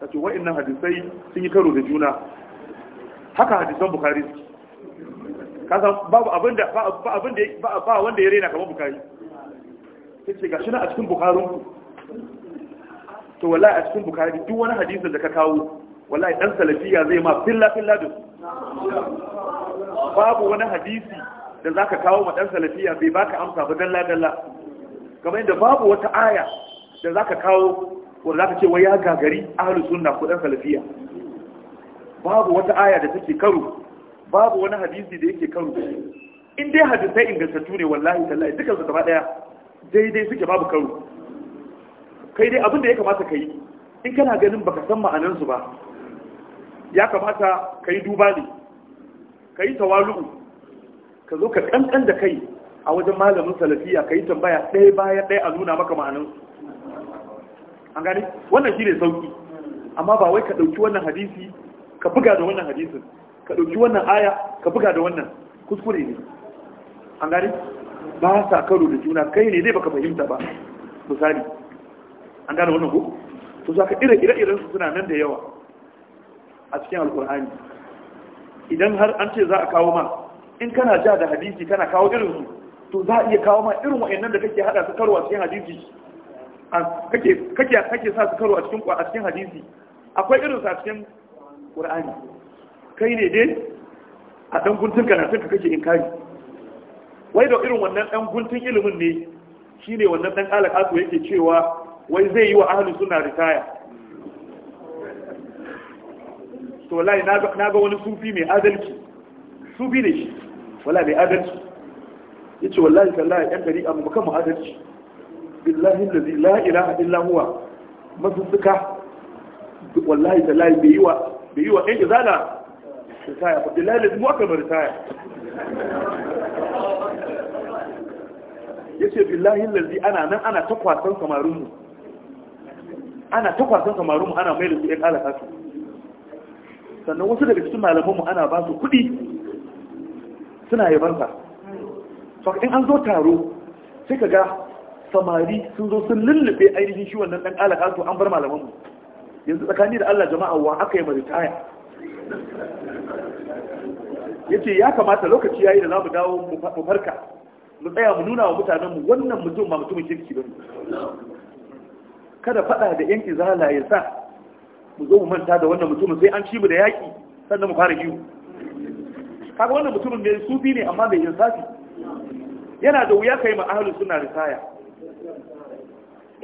ta wa inna hadisai sun yi karo da juna haka hadisan Bukhari kasa babu abinda ba abinda ba wanda ya rena kamar Bukhari ga shi na a cikin bukharin ku to wallahi a cikin bukari duk wani hadisi da ka kawo wallahi dan salafiya zai ma filla filla da babu wani hadisi da zaka kawo ma dan salafiya bai baka amsa ba dalla dalla kamar yadda babu wata aya da zaka kawo ko zaka ce wai ya gagari ahlus sunna ko dan salafiya babu wata aya da take karo babu wani hadisi da yake karo in dai hadisai ingantattu ne wallahi tallahi dukkan su gaba daya daidai suke babu karo kai dai abinda ya kamata ka yi in kana ganin baka san ma'anansu ba ya kamata ka yi duba ne ka yi tawalu'u ka zo ka kankan da kai a wajen malamin salafiya ka yi tambaya ɗaya bayan ɗaya a nuna maka ma'anansu an gani wannan shi ne sauƙi amma ba wai ka ɗauki wannan hadisi ka buga da wannan hadisin ka ɗauki wannan aya ka buga da wannan kuskure ne an gani ba sa karo da juna kai ne dai baka fahimta ba misali an gane wannan ko to zaka ire ire iren su suna nan da yawa a cikin alkur'ani idan har an ce za a kawo ma in kana ja da hadisi kana kawo irin su to za a iya kawo ma irin wa'annan da kake hada su karo a cikin hadisi kake kake kake sa su karo a cikin a cikin hadisi akwai irin su a cikin qur'ani kai ne dai a dan guntun kana sai ka kake inkari wai da irin wannan dan guntun ilimin ne shine wannan dan alakasu yake cewa wai zai yi wa ahli sunna ritaya to wallahi na ga wani sufi mai adalci sufi ne shi wallahi mai adalci yace wallahi sallahi yan gari amma kan mu adalci billahi allazi la ilaha illa huwa mazuka wallahi sallahi bai yi wa bai yi wa ɗan izala ritaya billahi allazi mu aka ritaya yace billahi lalzi ana nan ana ta kwasan samarin mu ana ta kwasan samarin mu ana mai da su ya kala kasu sannan wasu daga cikin malamanmu mu ana ba su kuɗi suna yabansa to in an zo taro sai ka ga samari sun zo sun lullube ainihin shi wannan dan kala kasu an bar malamanmu mu yanzu tsakani da Allah jama'a wa aka yi maritaya yace ya kamata lokaci yayi da za mu dawo mu farka mu tsaya mu nuna wa mutanen mu wannan mutum ba mutumin kirki ba kada faɗa da yan izala ya sa mu zo mu manta da wannan mutumin sai an ci mu da yaki sannan mu fara yiwu kaga wannan mutumin mai sufi ne amma mai insafi yana da wuya kai ma ahlus sunna ritaya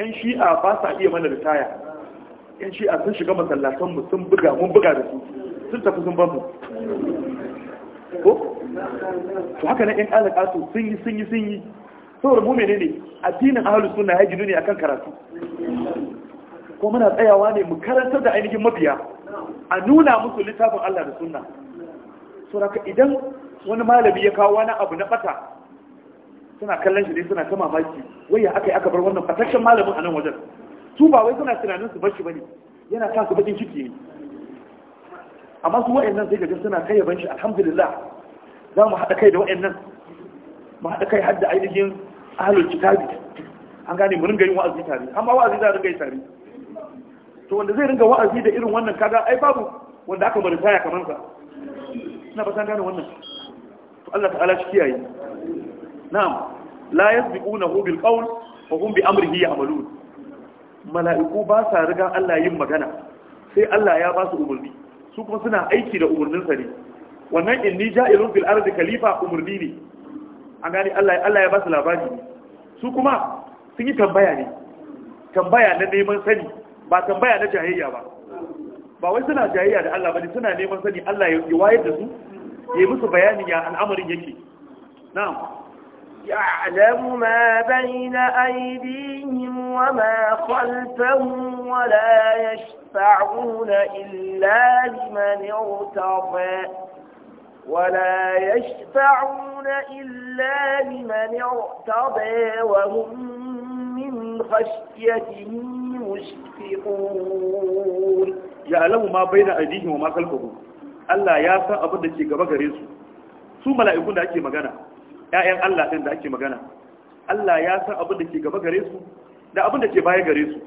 yan shi'a ba sa iya mana ritaya yan shi'a sun shiga masallatan mu sun buga mun buga da su sun tafi sun mu. ko to haka nan yan alaka su sun yi sun yi sun yi saboda mu menene addinin ahlus sunna ya ji ne akan karatu ko muna tsayawa ne mu karantar da ainihin mabiya a nuna musu littafin Allah da sunna so haka idan wani malami ya kawo wani abu na bata suna kallon shi ne suna ta mamaki wai aka yi aka bar wannan fataccen malamin a nan wajen su ba wai suna tunanin su bar shi bane yana sa su bakin ciki ne amma su wa'annan sai gaji suna kai yaban shi alhamdulillah za mu haɗa kai da wa'annan mu haɗa kai hadda ainihin ahalul kitabi an gane mu ringa yin wa'azi tare amma wa'azi za a ringa yi tare to wanda zai ringa wa'azi da irin wannan kaga ai babu wanda aka bari taya kamar sa ina ba san gane wannan to Allah ta'ala shi kiyaye na'am la yasbiqunahu bil qawl wa hum bi amrihi ya'malun mala'iku ba sa riga Allah yin magana sai Allah ya ba su umarni su kuma suna aiki da umarnin sa ne wannan inni ja'ilun fil ardi khalifa umarni ne an gani Allah Allah ya ba su labari su kuma sun yi tambaya ne tambaya na neman sani ba tambaya na jahiliya ba ba wai suna jayayya da Allah bane suna neman sani Allah ya wayar da su ya yi musu bayani ya al'amarin yake na'am يعلم ma بين أيديهم wa خلفهم ولا wa يشفعون إلا لمن ارتضى ولا يشفعون إلا لمن ارتضى وهم من خشيته مشفقون يعلم ما بين أيديهم وما خلفهم Allah ya san abin da ke gaba gare su su mala'ikun da ake magana ‘ya'yan Allah ɗin da ake magana Allah ya san abin da ke gaba gare su da abin da ke baya gare su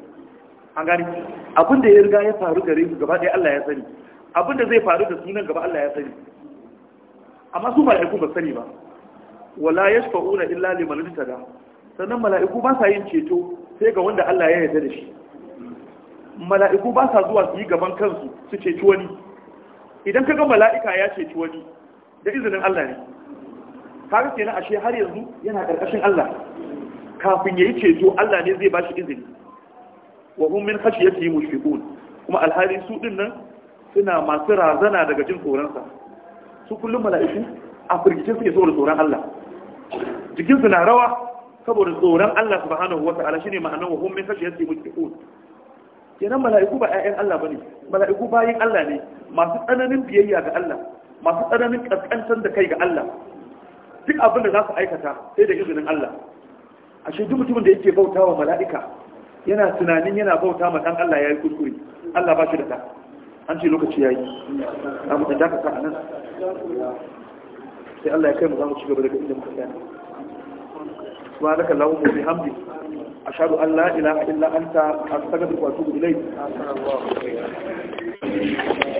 an gani abin da ya riga ya faru gare su gaba ɗaya Allah ya sani abin da zai faru da sunan gaba Allah ya sani amma su mala'iku ba sani ba wala yashfa'una illa liman tada sannan mala'iku ba sa yin ceto sai ga wanda Allah ya yarda da shi mala'iku ba sa zuwa su yi gaban kansu su ceci wani idan ka ga mala'ika ya ceci wani da izinin Allah ne kaga kenan ashe har yanzu yana karkashin Allah kafin yayi ceto Allah ne zai ba shi izini wa hum min khashyatihi mushfiqun kuma alhali su din nan suna masu razana daga jin tsoron sa su kullum mala'iku a firgice suke saboda tsoron Allah jikinsu na rawa saboda tsoron Allah subhanahu wa ta'ala shine ma'anar wa hum min khashyatihi mushfiqun kenan mala'iku ba 'ya'yan Allah bane mala'iku bayin Allah ne masu tsananin biyayya ga Allah masu tsananin kaskantar da kai ga Allah duk abin da za su aikata sai da izinin Allah ashe duk mutumin da yake bautawa mala'ika yana tunanin yana bauta ma dan Allah yayi kuskure Allah ba shi da ta an ce lokaci yayi amma da ka sa anan sai Allah ya kai mu za mu ci gaba daga inda muka tsaya subhanaka mu bi hamdi ashhadu an la ilaha illa anta astaghfiruka wa atubu ilayk